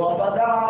وبدأ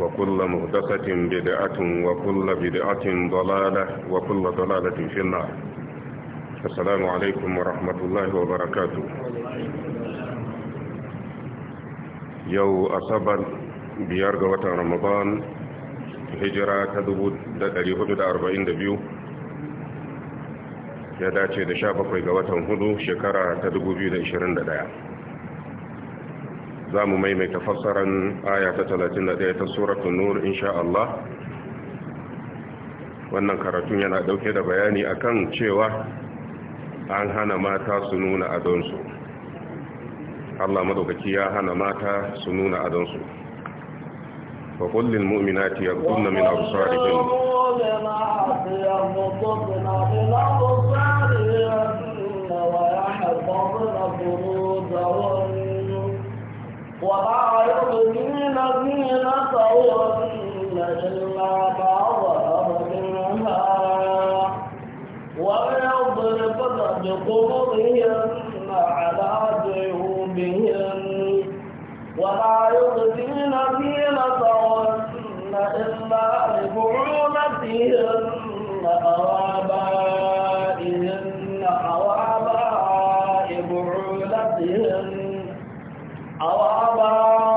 وكل مهدسة بدعة وكل بدعة ضلالة وكل ضلالة في النار السلام عليكم ورحمة الله وبركاته يو أصبر بيارغ وطن رمضان hijira ta 442 ya dace da 17 ga watan hudu shekara ta 2021 za mu maimaita fassaran aya ta 31 ta suratun nur insha Allah wannan karatun yana dauke da bayani akan cewa an hana mata su nuna adonsu Allah madaukaki ya hana mata su nuna adonsu wa kullil mu'minati yaqulna min absarihin ويحفظن فروجهن وبعض من الذين تعودين إلا بعضهم منها ويضربن بقبضهن على جيوبهن ولا يبدين زينتهن إلا لبعولتهن أو آبائهن 阿爸阿爸。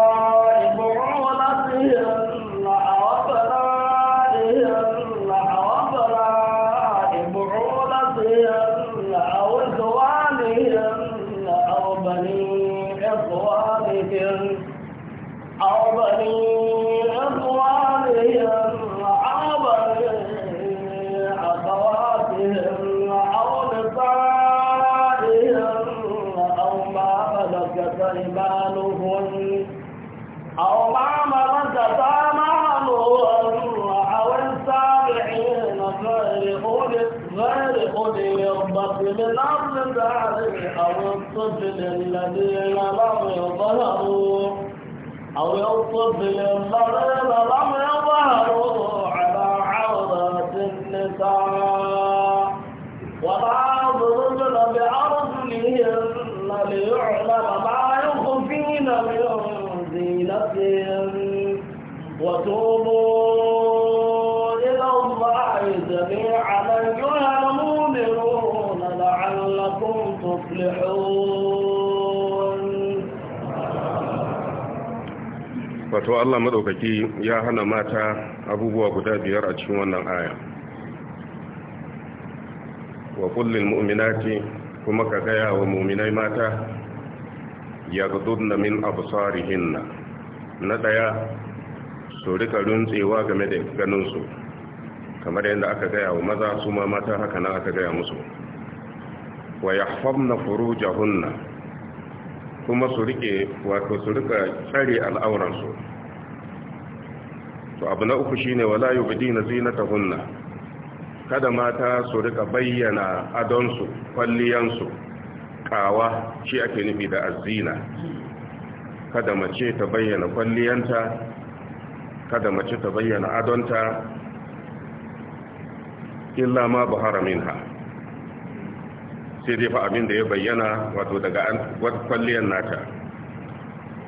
بالأرض بعد أو الطفل الذين لم يظهروا أو الطفل الذين لم يظهروا على عورات النساء wato Allah madaukaki ya hana mata abubuwa guda biyar a cikin wannan aya wa kullil mu'minati kuma ka gaya wa mu'minai mata yaghdudna min absarihinna na ɗaya su rika runtsewa game da ganin su kamar yadda aka gaya wa maza su ma mata haka nan aka gaya musu wa furu, furujahunna kuma su rike wato su rika tsare al'auransu to abu na uku shine wala yubdina zinatahunna kada mata su rika bayyana adonsu kwalliyansu kawa shi ake nufi da azina kada mace ta bayyana kwalliyanta kada mace ta bayyana adonta illa ma buhara minha sai dai fa abin da ya bayyana wato daga kwalliyar nata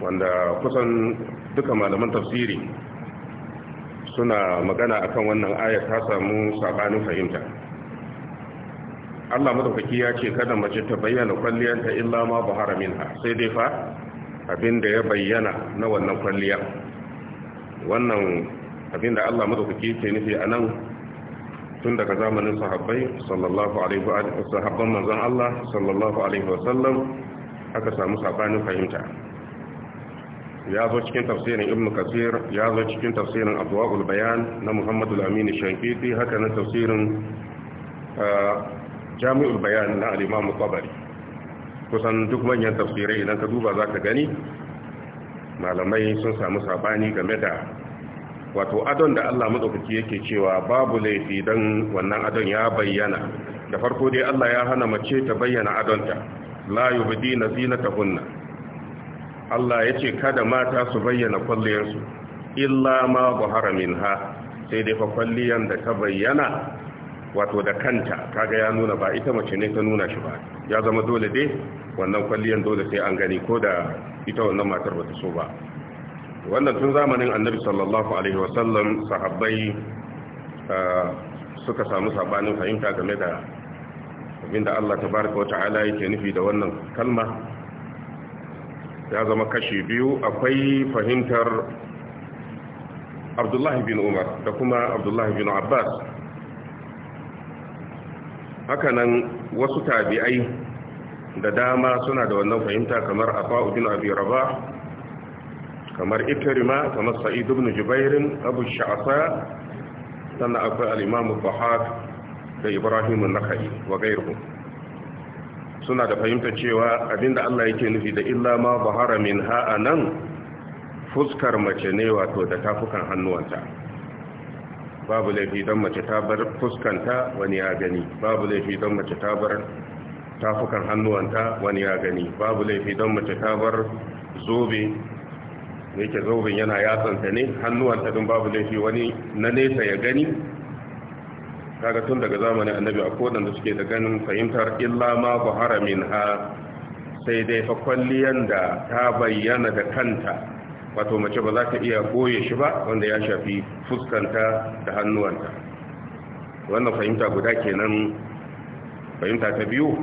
wanda kusan duka malaman tafsiri suna magana akan wannan ayar ta samu sabanin fahimta Allah madaukaki ya ce kada mace ta bayyana kwalliyanta illa ma bahara minha sai dai fa abin da ya bayyana na wannan kwalliya wannan abin da Allah madaukaki ke nufi anan tun daga zamanin sahabbai sallallahu alaihi wa sahabban manzon Allah sallallahu alaihi wa sallam aka samu sabanin fahimta ya zo cikin tafsirin ibn kasir ya zo cikin tafsirin abwaul bayan na muhammadu al-amin shankiti haka na tafsirin ah, jami'ul bayan na al-imam tabari kusan duk manyan tafsirai idan ka duba zaka gani malamai sun samu sabani game da wato adon da Allah madaukaki yake cewa babu laifi don wannan adon ya bayyana da farko dai Allah ya hana mace ta bayyana adonta la ta hunna Allah ya ce kada mata su bayyana kwalliyarsu illa ma buhara ha. sai dai fa kwalliyan da ta bayyana wato da kanta kaga ya nuna ba ita mace ne ta nuna shi ba ya zama dole dai wannan kwalliyar dole sai an gani ko da ita wannan matar ba ta so ba wannan tun zamanin annabi sallallahu alaihi wasallam sahabbai ah, suka samu sabanin fahimta game da abinda Allah tabaraka wata'ala yake nufi da wannan kalma ya zama kashi biyu akwai fahimtar Abdullahi bin Umar da kuma Abdullahi bin Abbas hakanan wasu tabi'ai da dama suna da wannan fahimta kamar Afa'u bin Abi Rabah kamar ikrima kamar sa'id ibn jubairin abu sha'asa sannan akwai al-imam bahar da ibrahim an-nakhai wa ghayruhum suna da fahimtar cewa abinda Allah yake nufi da illa ma bahara minha nan fuskar mace ne wato da tafukan hannuwanta babu laifi don mace ta bar fuskanta wani ya gani babu laifi don mace ta bar tafukan hannuwanta wani ya gani babu laifi don mace ta bar zobe da yake zaubin yana yatsanta ne hannuwanta don babu laifi wani na nesa ya gani kaga tun daga zamanin annabi a da suke da ganin fahimtar illa ma buhara haramin ha sai dai fa kwalliyan da ta bayyana da kanta wato mace ba za ta iya goye shi ba wanda ya shafi fuskanta da hannuwanta wannan fahimta guda kenan fahimta ta biyu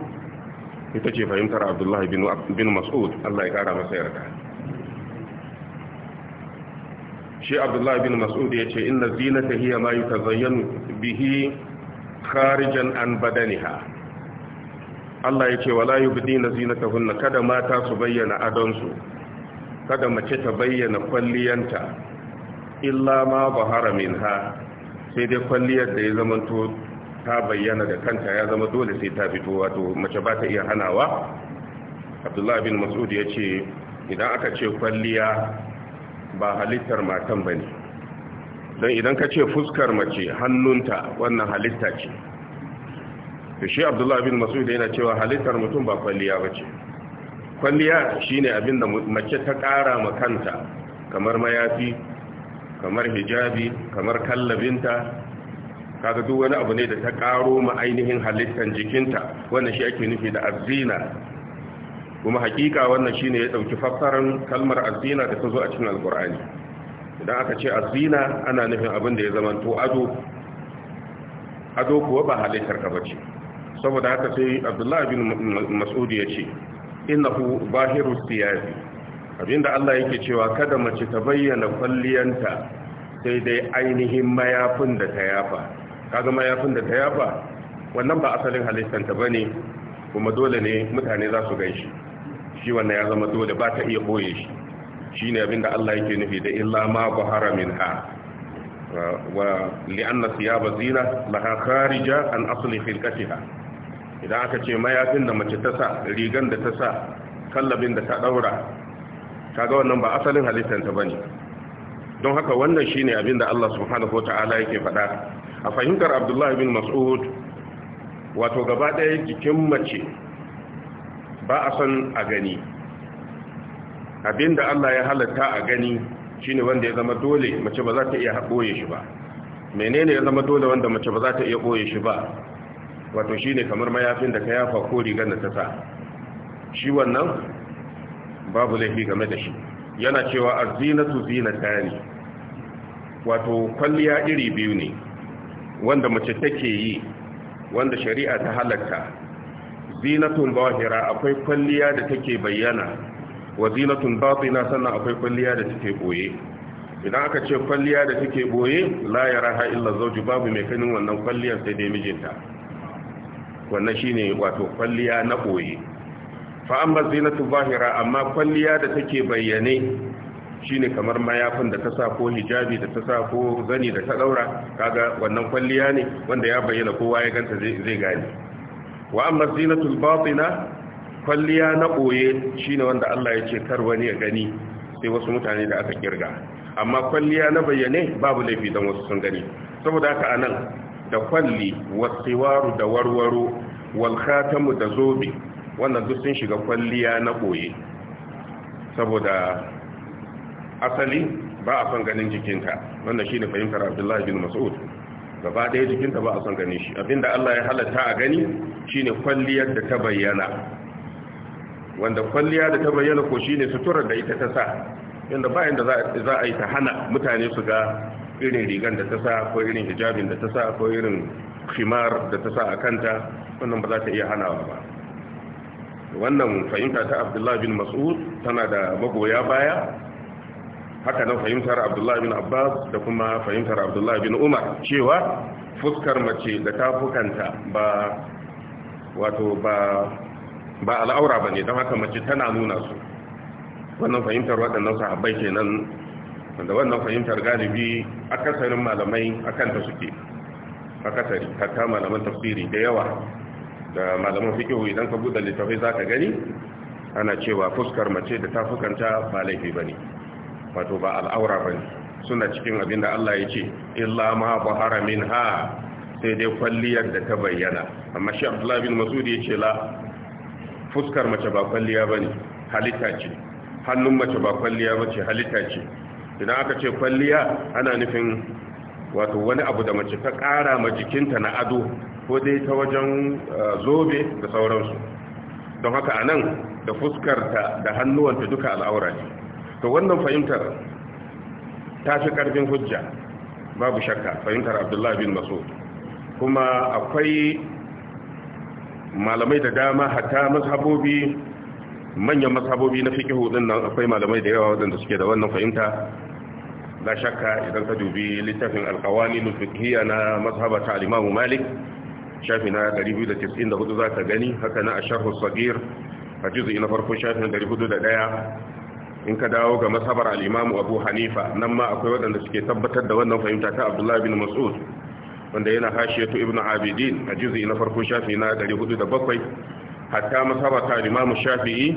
ita ce fahimtar abdullahi bin mas'ud allah ya kara masa yarda shi abdullahi bin mas'ud ya ce inna zinata hiya ma yutazayyanu bihi kharijan an badaniha Allah ya ce wala yubdina zinatahunna kada mata su bayyana adonsu kada mace ta bayyana kwalliyanta illa ma bahara minha sai dai kwalliyar da ya zamanto ta bayyana da kanta ya zama dole sai ta fito wato mace ba ta iya hanawa abdullahi bin mas'ud ya ce idan aka ce kwalliya ba halittar matan ba ne don idan ka ce fuskar mace hannunta wannan halitta ce da shi abdullahi bin masud yana cewa halittar mutum ba kwalliya ba ce kwalliya shine abin da mace ta ƙara kanta kamar mayafi kamar hijabi kamar kallabinta kaga duk wani abu ne da ta karo ma ainihin halittar jikinta wannan shi ake nufi da azina kuma hakika wannan shine ya dauki fassarar kalmar azina da ta zo a cikin alqur'ani idan aka ce azina ana nufin abin da ya zama to ado ado kuwa ba halittar ka bace saboda haka sai abdullahi bin mas'ud ya ce innahu bahiru siyabi abinda Allah yake cewa kada mace ta bayyana kwalliyanta sai dai ainihin mayafin da ta yafa kaga mayafin da ta yafa wannan ba asalin halittanta bane kuma dole ne mutane za su gaishe. shi wannan ya zama dole ba ta iya boye shi shine abinda Allah yake nufi da illa ma bahara ha wa li'anna thiyaba zina laha kharija an asli khilqatiha idan aka ce mayafin da mace ta sa rigan da ta sa kallabin da ta daura kaga wannan ba asalin halittar ta bane don haka wannan shine abinda Allah subhanahu wataala yake faɗa a fahimtar Abdullah ibn Mas'ud wato gaba ɗaya jikin mace ba a son a gani abinda Allah ya halatta a gani shine wanda ya zama dole mace ba za ta iya boye shi ba menene ya zama dole wanda mace ba za ta iya boye shi ba wato shine kamar mayafin da ka yafa ko rigar da ta sa shi wannan babu laifi game da shi yana cewa azinatu zinatani wato kwalliya iri biyu ne wanda mace take yi wanda shari'a ta halatta zinatun zahira akwai kwalliya da take bayyana wa zinatun batina sannan akwai kwalliya da take boye idan aka ce kwalliya da take boye la yaraha illa zawji babu mai kanin wannan kwalliyar sai dai mijinta wannan shine wato kwalliya na boye fa amma zinatu zahira amma kwalliya da take bayyane shine kamar mayafin da ta sa ko hijabi da ta sa ko zani da ta daura kaga wannan kwalliya ne wanda ya bayyana kowa ya ganta zai gane wa amma zinatul batina kwalliya na boye shine wanda Allah ya ce kar wani ya gani sai wasu mutane da aka kirga amma kwalliya na bayyane babu laifi dan wasu sun gani saboda haka anan da kwalli wasiwaru da warwaro wal khatamu da zobe wannan duk sun shiga kwalliya na boye saboda asali ba a son ganin jikinta wannan shine fahimtar Abdullahi bin Mas'ud gaba ɗaya jikinta ba a son gani shi abinda Allah ya halatta a gani shine kwalliyar da ta bayyana wanda kwalliya da ta bayyana ko shine suturar da ita ta sa inda ba inda za a yi ta hana mutane su ga irin rigan da ta sa ko irin hijabin da ta sa ko irin khimar da ta sa a kanta wannan ba za ta iya hanawa ba wannan fahimta ta Abdullahi bin Mas'ud tana da magoya baya haka nan fahimtar abdullahi bin abbas da kuma fahimtar abdullahi bin umar cewa fuskar mace da tafukanta ba wato ba ba al'aura ba ne don haka mace tana nuna su wannan fahimtar waɗannan sahabbai kenan da wannan fahimtar galibi akasarin malamai akan ta suke akasari hatta malaman tafsiri da yawa da malaman fikihu idan ka buɗe littafai za ka gani ana cewa fuskar mace da tafukanta ba laifi ba ne wato ba al'aura ba suna cikin abin da Allah ya ce illa ma bahara min ha sai dai kwalliyar da ta bayyana amma shi abdullahi bin masudi ya ce la fuskar mace ba kwalliya ba ne halitta ce hannun mace ba kwalliya ba ce halitta ce idan aka ce kwalliya ana nufin wato wani abu da mace ta ƙara ma jikinta na ado ko dai ta wajen eh, zobe da sauransu don haka anan da fuskarta da hannuwanta duka al'aura ne to wannan fahimtar ta fi ƙarfin hujja babu shakka fahimtar abdullahi bin Maso. kuma akwai malamai da dama hatta mazhabobi manyan mazhabobi na fikihu din nan akwai malamai da yawa waɗanda suke da wannan fahimta la shakka idan ka dubi littafin na fiqhiyya na mazhaba ta al-Imam Malik shafi na 294 ka gani haka na asharh as-saghir a juz'i na farko shafin 401 in ka dawo ga masabar al'imamu abu hanifa nan ma akwai waɗanda suke tabbatar da wannan fahimta ta abdullahi bin mas'ud wanda yana hashiyatu ibnu abidin a juzi na farko shafi na 407 hatta masabar ta al'imamu shafi'i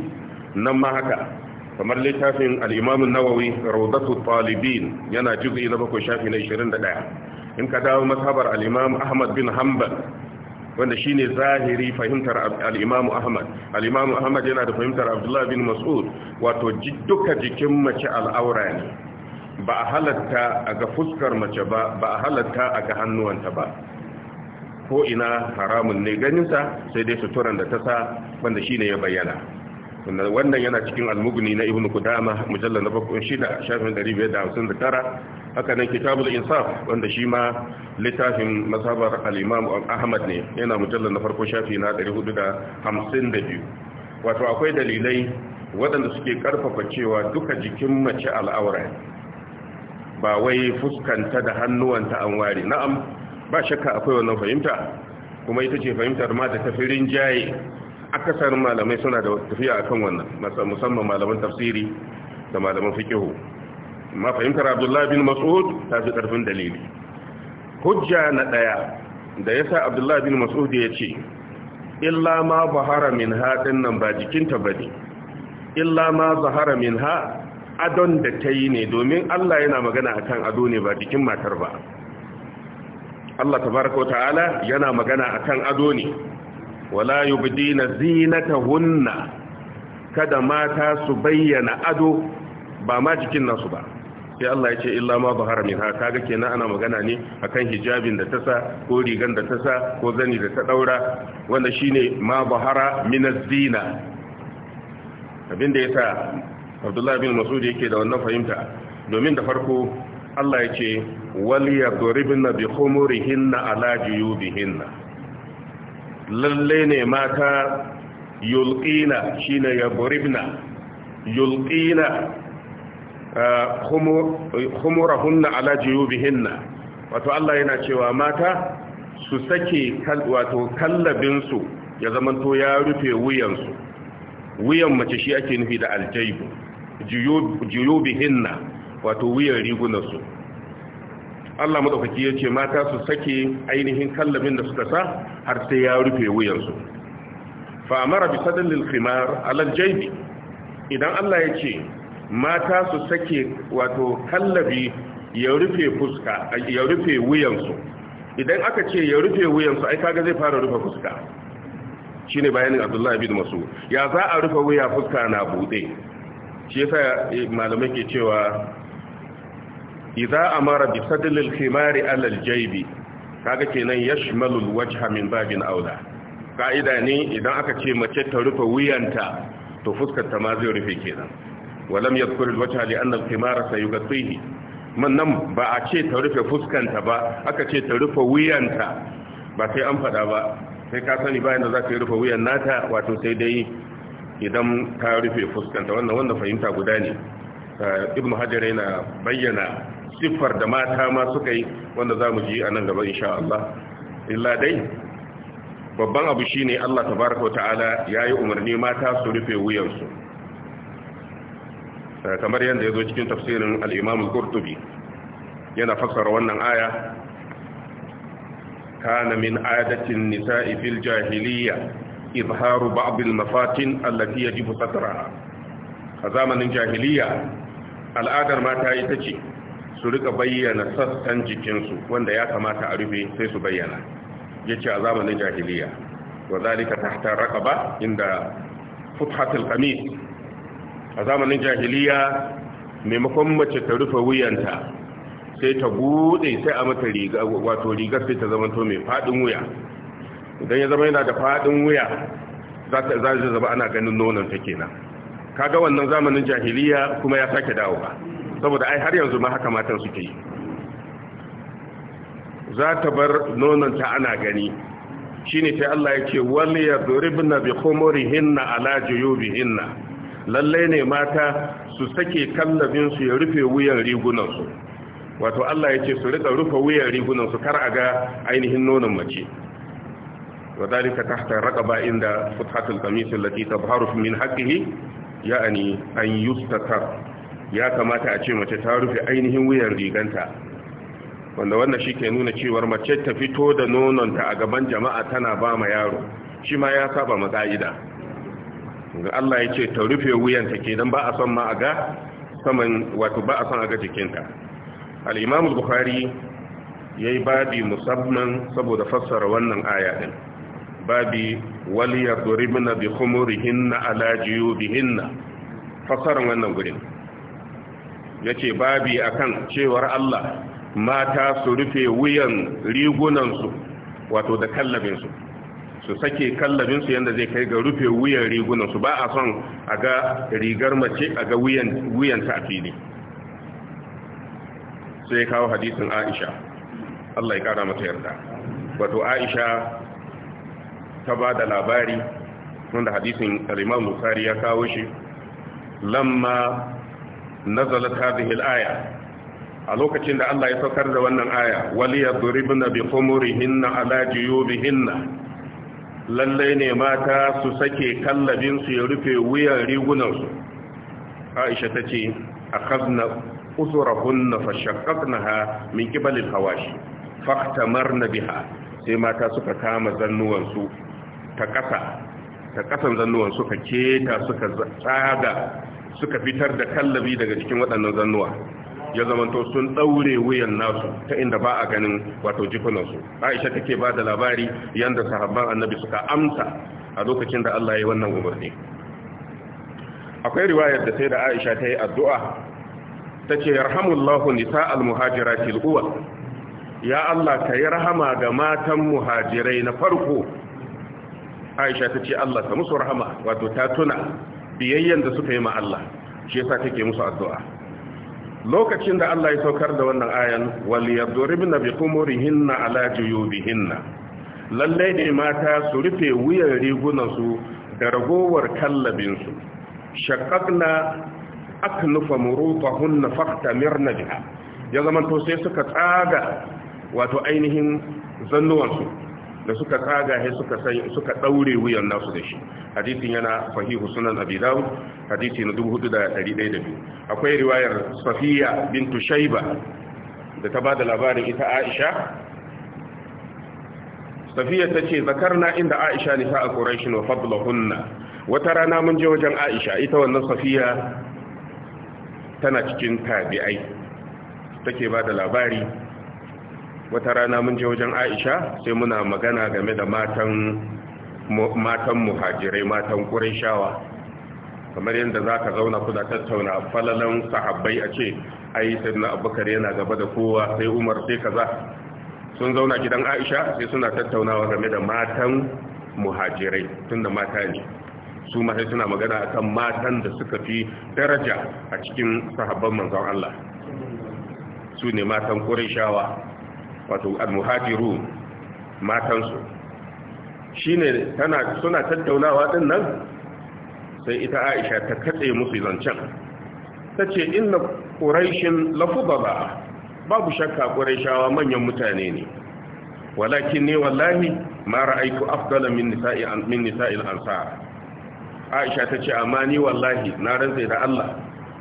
nan ma haka kamar littafin al'imamu nawawi raudatu talibin yana juzi na bakwai shafi na 21 in ka dawo masabar al'imamu ahmad bin hanbal wanda ne zahiri fahimtar Al'imamu Ahmad Al'imamu Ahmad yana da fahimtar Abdullahi bin Mas'ud wato duka jikin mace al'aura ne ba a halatta a ga fuskar mace ba ba a halatta a ga hannuwanta ba ko ina haramun ne ganinsa sai dai suturan da ta sa wanda shine ya bayyana wannan yana cikin al-mughni na ibnu kudama mujallal na bakon shida shafin 559 haka nan kitabul insaf wanda shi ma littafin masabar al-imam ahmad ne yana mujallal na farko shafi na 452 wato akwai dalilai waɗanda suke karfafa cewa duka jikin mace al'aura ba wai fuskanta da hannuwanta an ware na'am ba shakka akwai wannan fahimta kuma ita ce fahimtar ma da tafirin jaye akasarin malamai suna da tafiya akan wannan musamman malaman tafsiri da malaman fikihu ma fahimtar abdullahi bin mas'ud ta fi karfin dalili hujja na ɗaya da yasa abdullahi bin mas'ud ya ce illa ma zahara min ha nan ba jikinta bane illa ma zahara min ha adon da ta yi ne domin Allah yana magana akan ado ne ba jikin matar ba Allah tabaraka ta'ala yana magana akan ado ne wala yubdina zinatahunna kada mata su bayyana ado ba ma jikin nasu ba sai Allah ya ce illa ma zahara min ha kaga kenan ana magana ne akan hijabin da ta sa ko rigan da ta sa ko zani da ta daura wanda shine ma zahara min zina abinda yasa Abdullah bin Mas'ud yake da wannan fahimta domin da farko Allah ya ce wal yadribna bi khumurihinna ala juyubihinna lalle ne mata yulqina shine buribna yulqina uh, humurahunna ala juyubihinna wato Allah yana cewa mata su sake wato kallabinsu ya zamanto ya rufe wuyansu wuyan mace shi ake nufi da aljaibu juyubihinna wato wuyan rigunansu Allah madaukaki ya ce mata su sake ainihin kallamin da suka sa har sai ya rufe wuyansu fa amara bi sadalil khimar ala jaybi idan Allah ya ce mata su sake wato kallabi ya rufe fuska ya rufe wuyansu idan aka ce ya rufe wuyansu ai kaga zai fara rufe fuska shine bayanin Abdullahi ibn Mas'ud ya za a rufe wuya fuska na bude shi yasa malamai ke cewa idza amara bi sadl al khimar ala al jayb kaga kenan yashmalu al wajha min babin aula kaida ne idan aka ce mace ta rufe wuyanta to fuskar ta ma zai rufe kenan walam yadhkur al wajha li anna al khimar sayughtihi man nan ba a ce ta rufe fuskanta ba aka ce ta rufe wuyanta ba sai an fada ba sai ka sani bayan da za ka yi rufe wuyan nata wato sai dai idan ta rufe fuskanta wannan wanda fahimta guda ne ibn hajar yana bayyana siffar da mata ma suka yi wanda za mu ji a nan gaba insha Allah illa dai babban abu shine Allah tabaraka wa ta'ala yayi umarni mata su rufe wuyansu eh, kamar yadda ya zo cikin tafsirin al-Imam yana fassara wannan aya kana min adatin nisa'i fil jahiliyya izharu ba'd al-mafatin allati yajibu satraha a zamanin jahiliya, al'adar mata ita ce su rika bayyana sassan jikinsu wanda ya kamata a rufe sai su bayyana ya ce a zamanin jahiliya wa zalika tahta raqaba inda futhatul qamis a zamanin jahiliya maimakon mace ta rufe wuyanta sai ta bude sai a mata riga wato rigar sai ta zama to mai fadin wuya idan ya zama yana da fadin wuya za ta zama ana ganin nonon ta kenan kaga wannan zamanin jahiliya kuma ya sake dawo ba. saboda ai har yanzu ma haka matan suke yi za ta bar nononta ana gani shine sai Allah ya ce wal yadribna bi khumurihinna ala juyubihinna lalle ne mata su sake kallabin su ya rufe wuyan rigunan su wato Allah ya ce su rika rufe wuyan rigunan su kar a ga ainihin nonon mace وذلك تحت الرقبة عند فتحة القميص التي تظهر من حقه يعني أن يستتر ya kamata a ce mace ta rufe ainihin wuyan riganta wanda wannan shi ke nuna cewar mace ta fito da nononta a gaban jama'a tana ba ma yaro shi ma ya saba matsa'ida ga Allah ya ce ta rufe wuyanta ke don ba a son ma a ga saman wato ba a son a ga jikinta al'imamul buhari ya yi babi musamman saboda fassara wannan aya babi waliyar duribina bi kumurihinna ala jiyo bihinna fassarar wannan wurin. yace babi akan cewar Allah mata su rufe wuyan rigunansu wato da kallabinsu su sake kallabinsu yadda zai kai ga rufe wuyan rigunansu ba a son a ga rigar mace a ga wuyan a fili sai kawo hadisin aisha Allah ya kara mata yarda wato aisha ta ba da labari wanda hadisin al-imam ya kawo shi lamma nazalat hadhihi al-aya a lokacin da Allah ya saukar da wannan aya waliyadribna bi khumurihinna ala juyubihinna lalle ne mata su sake kallabin su ya rufe wuyan rigunan su Aisha tace akhadna usurahunna fashaqqaqnaha min qibal al-hawashi faqtamarna biha sai mata suka kama zannuwan su ta kasa ta kasan zannuwan suka keta suka tsaga suka fitar da kallabi daga cikin waɗannan zannuwa ya zamanto sun ɗaure wuyan nasu ta inda ba a ganin wato jikunansu aisha take ba da labari yadda sahabban annabi suka amsa a lokacin da Allah ya yi wannan umarni akwai riwayar da sai da aisha ta yi addu'a ta ce yarhamullahu nisa almuhajirati al'uwa ya Allah ka yi rahama ga matan muhajirai na farko aisha ta ce Allah ta musu rahama wato ta tuna biyayyen da suka yi ma Allah shi yasa kake musu addu'a lokacin da Allah ya saukar da wannan ayan wal yadribna bi qumurihinna ala juyubihinna lalle ne mata su rufe wuyan rigunan su da ragowar kallabin su shaqqaqna aknufa murutahunna faqtamirna biha ya zaman to sai suka tsaga wato ainihin zannuwansu da suka tsaga he suka sai suka daure wuyan nasu da shi hadisin yana sahihu sunan abi dawud hadisi na 4102 akwai riwayar safiya bintu shayba da ta bada labarin ita aisha safiya tace zakarna inda aisha nisa a quraish wa fadlahunna wata rana mun je wajen aisha ita wannan safiya tana cikin tabi'ai take da labari wata rana mun je wajen aisha sai muna magana game da matan muhajirai matan shawa. kamar yadda za ka zauna kuna tattauna falalan sahabbai a ce ai na abubakar yana gaba da kowa sai umar sai kaza sun zauna gidan aisha sai suna tattaunawa game da matan muhajirai tunda mata ne su ma sai suna magana akan matan da suka fi daraja a cikin sahabban manzon Allah su ne matan Qurayshawa wato al-muhajiru matansu shine tana suna tattaunawa din nan sai ita Aisha ta katse musu zancen tace inna quraishin lafudaba babu shakka quraishawa manyan mutane ne walakin ne wallahi ma ra'aytu afdala min nisa'i min nisa'il ansar Aisha tace amma ni wallahi na rantsa da Allah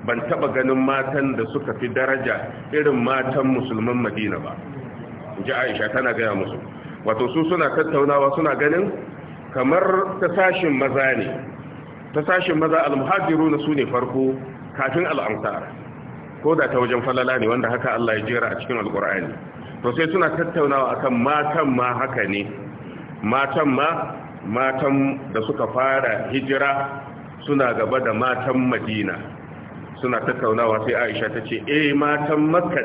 ban taba ganin matan da suka fi daraja irin matan musulman Madina ba ji aisha tana gaya musu wato su suna tattaunawa suna ganin kamar ta sashin maza ne ta sashin maza almuhajiru na su farko kafin al'amsar ko da ta wajen falala ne wanda haka Allah ya jera a cikin alkur'ani to sai suna tattaunawa akan matan ma haka ne matan ma matan da suka fara hijira suna gaba da matan madina suna tattaunawa sai aisha ta ce eh matan makka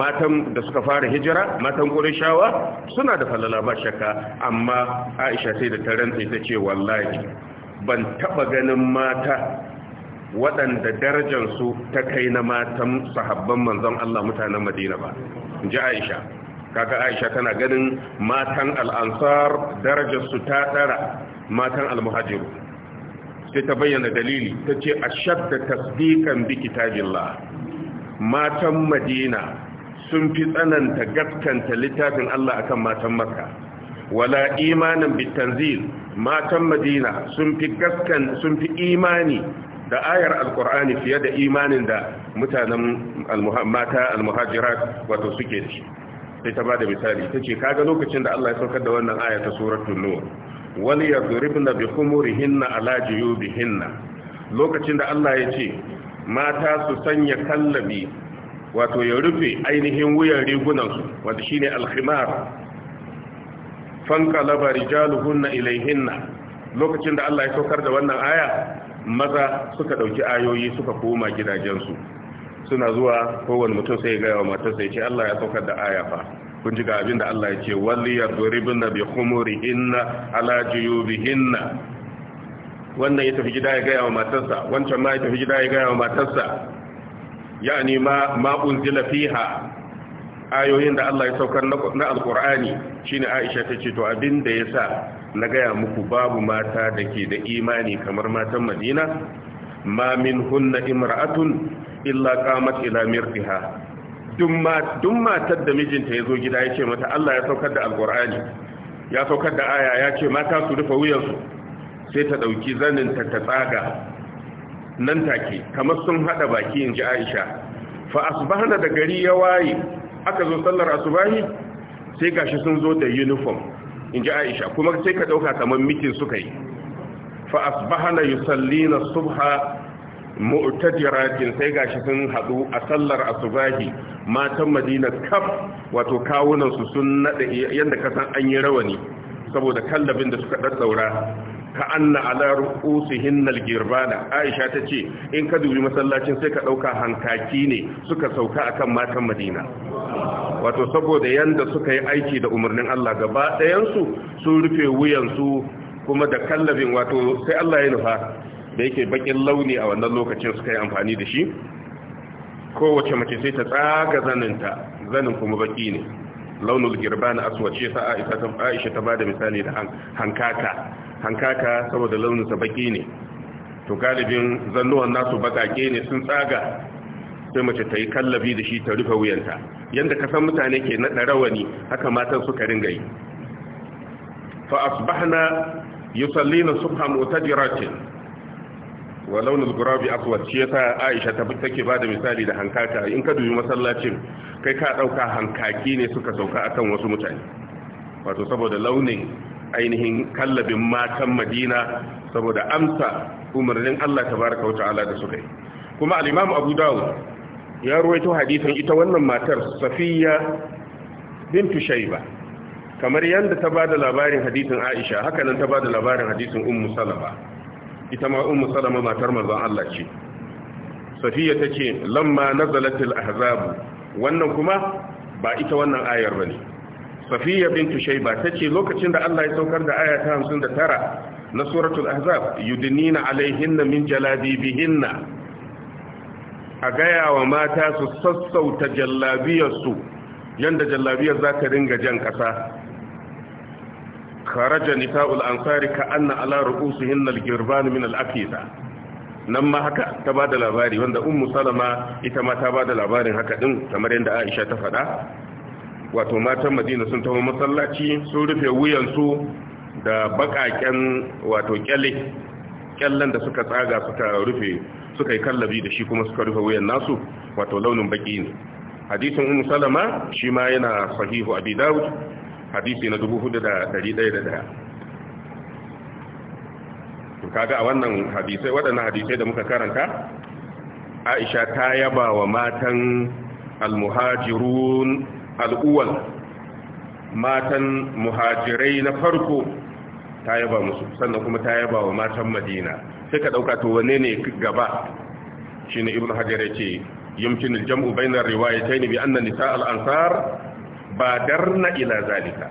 matan da suka fara hijira matan ƙurishawa suna da falala ba shakka amma aisha sai da taranta ta ce wallahi ban taɓa ganin mata waɗanda darajarsu ta kai na matan sahabban manzon Allah mutanen Madina ba ji aisha kaga aisha tana ganin matan al'ansar darajarsu ta tsara matan al-muhajiru sai ta bayyana dalili ta ce a shadda tasdikan bi jilla, matan madina sun fi tsananta gaskanta littafin Allah akan matan maka wala imanin bitanzil matan madina sun fi gaskan sun fi imani da ayar alkur'ani fiye da imanin da mutanen mata almuhajirat wato suke ci sai ta bada misali ta ce kaga lokacin da Allah ya saukar da wannan aya ta suratul nur wani ya zuribna bi kumurihinna ala bihinna lokacin da Allah ya ce mata su sanya kallabi wato ya rufe ainihin wuyan rigunansu shi shine alkhimar fanqalaba ilai Hinna. lokacin da Allah ya saukar da wannan aya maza suka dauki ayoyi suka koma gidajensu suna zuwa kowane mutum sai ya gaya wa matarsa ya ce Allah ya saukar da aya fa kun ji ga abin da Allah ya ce walli na bi khumurihinna ala juyubihinna wannan ya tafi gida ya gaya wa matarsa wancan ma ya tafi gida ya gaya wa matarsa yani ma ma unzila fiha ayoyin da Allah ya saukar na alkur'ani ne Aisha ta ce to abin da ya sa na gaya muku babu mata da ke da imani kamar matan Madina ma min hunna imra'atun illa qamat ila mirqiha duk matar da mijinta ya zo gida ya ce mata Allah ya saukar da alkur'ani ya saukar da aya ya ce mata su rufe wuyansu sai ta ɗauki zanin ta tsaga nan take kamar sun haɗa baki in ji aisha fa asbahna da gari ya waye aka zo sallar asubahi sai gashi sun zo da uniform in ji aisha kuma sai ka ɗauka kamar mitin suka yi fa asbahna yusallina subha mu'tajiratin sai gashi sun hadu a sallar asubahi matan madina kaf wato kawunan su sun nada yanda ka san an yi rawani saboda kallabin da suka daddaura ka anna ala ru'usihin algirbana aisha tace in ka dubi masallacin sai ka dauka hankaki ne suka sauka akan matan madina wato saboda yanda suka yi aiki da umarnin Allah gaba ɗayan su sun rufe wuyan su kuma da kallabin wato sai Allah ya nufa da yake bakin launi a wannan lokacin suka yi amfani da shi kowace mace sai ta tsaga zaninta zanin kuma baki ne launul girba na shi sa'a isa ta Aisha ta bada misali da hankaka hankaka saboda launin sa baki ne to galibin zannuwan nasu bakake ne sun tsaga sai mace ta yi kallabi da shi ta rufe wuyanta yadda ka san mutane ke naɗa rawani haka matan suka ringa yi fa asbahna yusallina subha mutajiratin walaunin launin gurabi ce shi yasa Aisha ta take bada misali da hankaka in ka dubi masallacin kai ka dauka hankaki ne suka sauka akan wasu mutane wato saboda launin ainihin kallabin matan Madina saboda amsa umarnin Allah baraka wa ta'ala da suka yi kuma al Abu Dawud ya ruwaito hadisin ita wannan matar Safiya bintu Shaiba, kamar yadda ta bada labarin hadisin Aisha hakanan ta ta bada labarin hadisin Ummu Salama ita ma ummu salama matar manzon Allah ce safiya tace lamma nazalatil ahzab wannan kuma ba ita wannan ayar bane safiya bintu shayba tace lokacin da Allah ya saukar da aya ta 59 na suratul ahzab yudnina alaihinna min jalabibihinna a gaya wa mata su sassauta jallabiyarsu yadda jallabiyar za ta ringa jan ƙasa kharaja ul ansari ka anna ala ru'usihin al-girban min al-aqida nan ma haka ta bada labari wanda ummu salama ita ma ta bada labarin haka din kamar yadda Aisha ta faɗa wato matan Madina sun taho masallaci sun rufe wuyansu da bakaken wato kyale da suka tsaga suka rufe suka yi kallabi da shi kuma suka rufe wuyan nasu wato launin baki ne hadisin ummu salama shi ma yana sahihu abi dawud hadisi na 4101 kaga a wannan hadisai waɗannan hadisai da muka karanta aisha ta yaba wa matan almuhajirun al'uwal matan muhajirai na farko ta yaba musu sannan kuma ta yaba wa matan madina sai ka ɗauka to wane ne gaba shi ne ibn hajar ya ce yamkin jam'u bainar riwaya ta yi bi annan nisa al'ansar ba darna ila zalika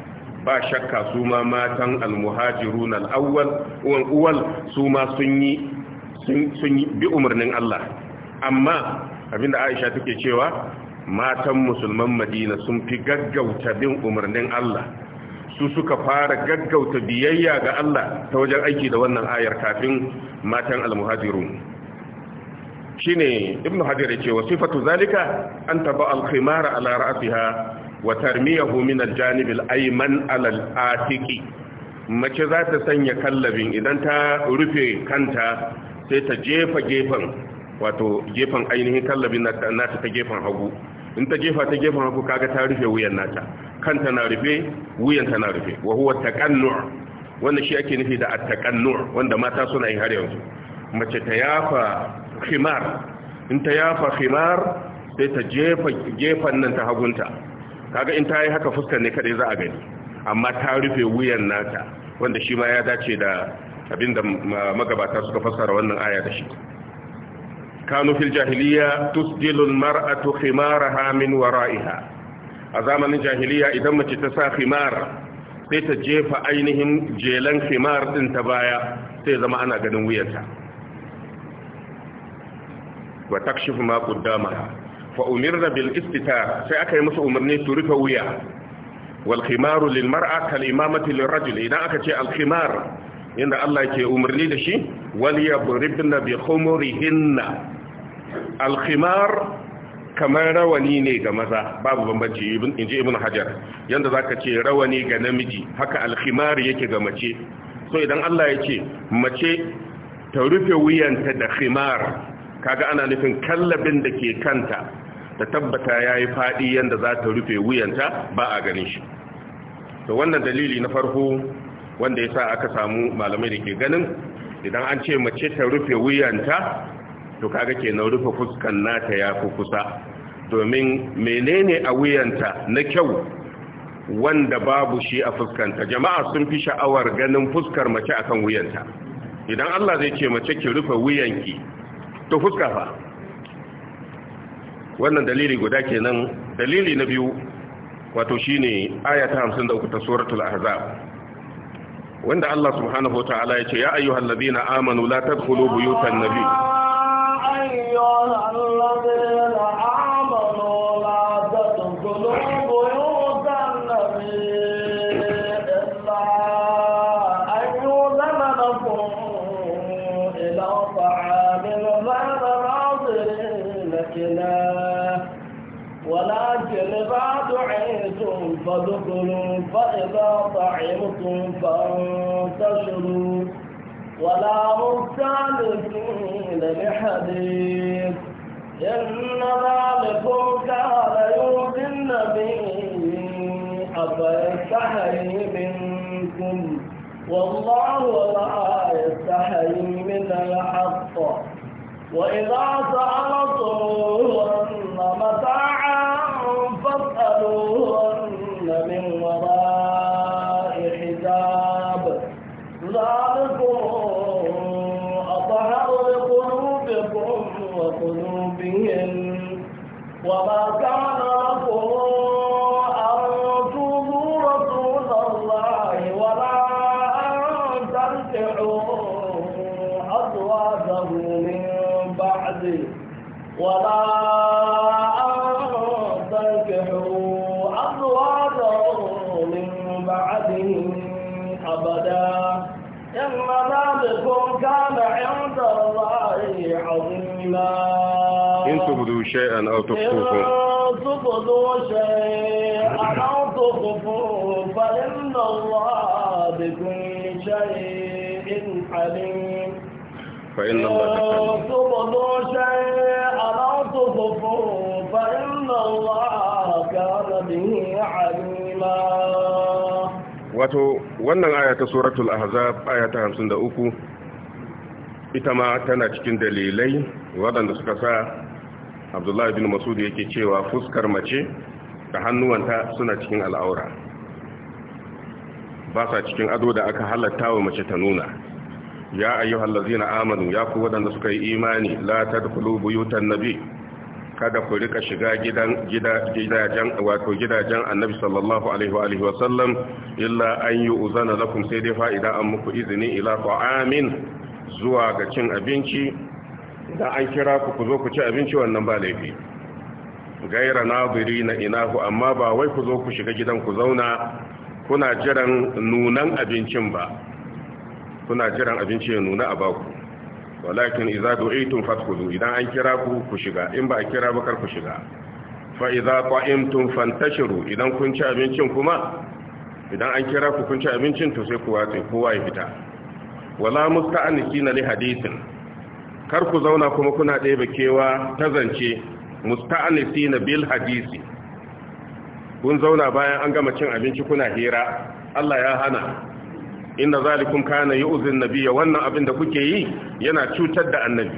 ba shakka su ma matan almuhajirun al'awwal uwan uwal su ma sun yi sun bi umarnin Allah amma abinda Aisha take cewa matan musulman Madina sun fi gaggauta bin umarnin Allah su suka fara gaggauta biyayya ga Allah ta wajen aiki da wannan ayar kafin matan almuhajirun shine ibnu hajar yace wa sifatu zalika an taba alkhimara ala ra'siha wa tarmiyahu min aljanib alayman alal atiqi mace za ta sanya kallabin idan ta rufe kanta sai ta jefa gefen wato gefen ainihin kallabin nata ta gefen hagu in ta jefa ta gefen hagu kaga ta rufe wuyan nata kanta na rufe wuyanta na rufe wa huwa taqannu' wannan shi ake nufi da at-taqannu' wanda mata suna yin har yanzu mace ta yafa khimar in ta yafa khimar sai ta jefa gefen nan ta hagunta kaga in ta yi haka fuskar ne kadai za a gani amma ta rufe wuyan nata wanda shi ma ya dace da abin da magabata suka fassara wannan aya da shi kanu fil jahiliya tusjilu almar'atu khimaraha min wara'iha a zamanin jahiliya idan mace ta sa khimar sai ta jefa ainihin jelan khimar din ta baya sai zama ana ganin wuyanta wa takshifu ma qaddamaha fa umirna bil istitar sai aka yi musu umarni su rufe wuya Walhimaru khimaru lil mar'a kal imamati rajul idan aka ce al khimar inda Allah ke umarni da shi wal yabribna bi khumurihinna al khimar kamar rawani ne ga maza babu bambanci in ji ibn hajar yanda ka ce rawani ga namiji haka al-khimar yake ga mace so idan Allah ya ce mace ta rufe wuyanta da khimar kaga ana nufin kallabin da ke kanta ta tabbata ya yi faɗi yadda za ta rufe wuyanta ba a ganin shi to wannan dalili na farko wanda ya sa aka samu malamai da ke ganin idan an ce mace ta rufe wuyanta to kaga ke na rufe fuskan nata ya fi kusa domin menene a wuyanta na kyau wanda babu shi a fuskanta jama'a sun fi sha'awar ganin fuskar mace akan wuyanta idan Allah zai ce mace ki rufe wuyanki to fuska fa wannan dalili guda kenan dalili na biyu wato shine aya ta 53 ta suratul ahzab wanda Allah subhanahu wataala yace ya ayyuhallazina amanu la tadkhulu buyutan nabiy ayyuhallazina فادخلوا فإذا طعمتم فانتشروا ولا مستعدين لحديث إن ذلكم كان يؤذي النبي أفيستحي منكم والله لا يستحي من الحق وإذا سألتم متاعا فاسألوه شيئا أو تخفوه إن تبدو شيئا أو تخفوه فإن الله بكل شيء حليم فإن الله تبدوا شيئا أو تخفوه فإن الله كان به عليما wato wannan aya ta suratul ahzab aya ta 53 ita ma tana cikin dalilai waɗanda suka sa abdullah bin masud yake cewa fuskar mace da hannuwanta suna cikin al'aura ba sa cikin ado da aka halatta wa mace ta nuna ya ayyuhal ladzina amanu ya ku wadanda suka yi imani la tadkhulu buyutan nabi kada ku rika shiga gidan gidajen wato gidajen annabi sallallahu alaihi wa alihi wa sallam illa an yu'zana lakum sai dai fa'ida an muku izini ila ta'amin zuwa ga cin abinci idan an kira ku ku zo ku ci abinci wannan ba laifi gaira naziri na inahu amma ba wai ku zo ku shiga gidan ku zauna kuna jiran nunan abincin ba kuna jiran abinci ya nuna a baku walakin idza du'itum fadkhulu idan an kira ku ku shiga in ba a kira ba kar ku shiga fa idza qa'imtum fantashiru idan kun ci abincin kuma idan an kira ku kun ci abincin to sai ku wace kowa ya fita wala musta'anikin li hadithin kar ku zauna kuma kuna ɗebe kewa ta zance musta'anisi na bil hadisi kun zauna bayan an gama cin abinci kuna hira Allah ya hana inna zalikum kana yu'zin nabiyya wannan abin da kuke yi yana cutar da annabi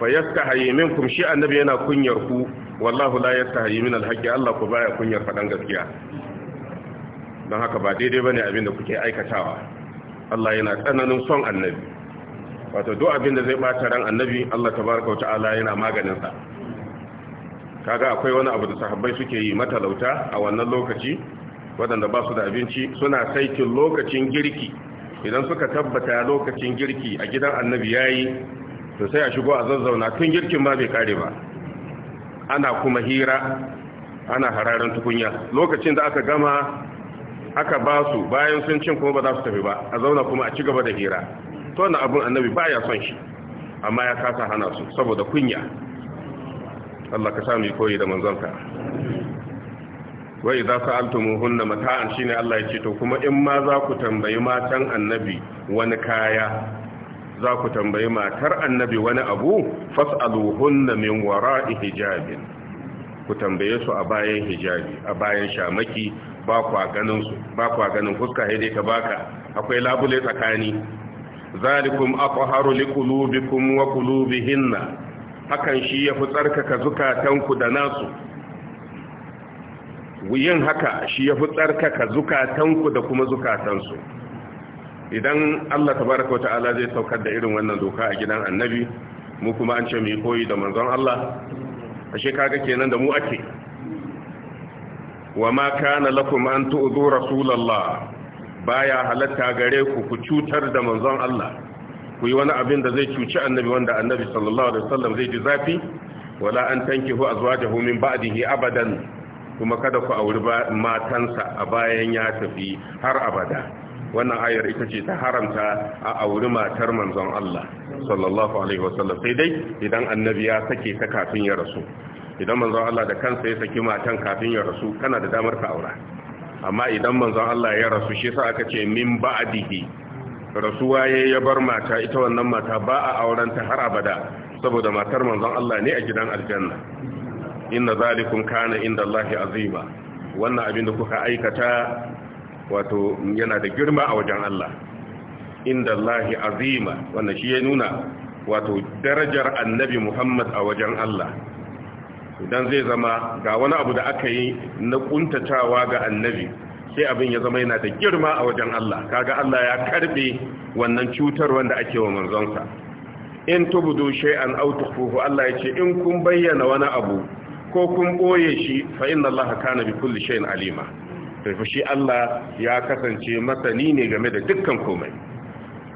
fa yastahi minkum shi annabi yana kunyar ku wallahu la yastahi min alhaqi Allah ku baya kunyar fadan gaskiya don haka ba daidai bane abin da kuke aikatawa Allah yana tsananin son annabi wato duk abin da zai bata ran annabi Allah tabaraka wa ta'ala yana maganin sa kaga akwai wani abu da sahabbai suke yi matalauta a wannan lokaci waɗanda ba su da abinci suna saikin lokacin girki idan suka tabbata lokacin girki a gidan annabi yayi to sai a shigo a zazzauna tun girkin ma bai kare ba ana kuma hira ana hararan tukunya lokacin da aka gama aka ba su bayan sun cin kuma ba za su tafi ba a zauna kuma a ci gaba da hira to wannan abin annabi ba ya son shi amma ya kasa hana su saboda kunya Allah ka sami koyi da manzonka wai za su hunna mata'an shine Allah ya ce to kuma in ma za ku tambayi matan annabi wani kaya za ku tambayi matar annabi wani abu fas'aluhunna min wara'i hijabin ku tambaye su a bayan hijabi a bayan shamaki ba kwa ganin su ba kwa ganin fuska sai dai ta baka akwai labule tsakani zalikum aqharu liqulubikum wa qulubihinna hakan shi yafi tsarkaka zukatanku da nasu yin haka shi yafi tsarkaka zukatanku da kuma zukatansu idan Allah tabaraka wa ta'ala zai saukar da irin wannan doka a gidan annabi mu kuma an ce mu koyi da manzon Allah ashe kaga kenan da mu ake wa ma kana lakum an tu'dhu rasulallah baya halatta gare ku ku cutar da manzon Allah ku yi wani abin da zai cuci annabi wanda annabi sallallahu alaihi wasallam zai ji zafi wala an tankihu azwajahu min ba'dihi abadan kuma kada ku auri matansa a bayan ya tafi har abada wannan ayar ita ce ta haramta a auri matar manzon Allah sallallahu alaihi wasallam sai dai idan annabi ya sake ta kafin ya rasu idan manzon Allah da kansa ya saki matan kafin ya rasu kana da damar ka aura amma idan manzon Allah ya rasu shi sa aka ce min ba'dihi rasuwa yayi ya bar mata ita wannan mata ba a auren ta har abada saboda matar manzon Allah ne a gidan aljanna inna zalikum kana inda Allah azima wannan abin da kuka aikata wato yana da girma a wajen Allah inda Allah azima wannan shi ya nuna wato darajar annabi Muhammad a wajen Allah idan zai zama ga wani abu da aka yi na kuntatawa ga annabi sai abin ya zama yana da girma a wajen Allah kaga Allah ya karbe wannan cutar wanda ake wa manzonsa in tubudu shay'an aw tukhfuhu Allah yace in kun bayyana wani abu ko kun boye shi fa inna Allah kana bi kulli shay'in alima to shi Allah ya kasance masani ne game da dukkan komai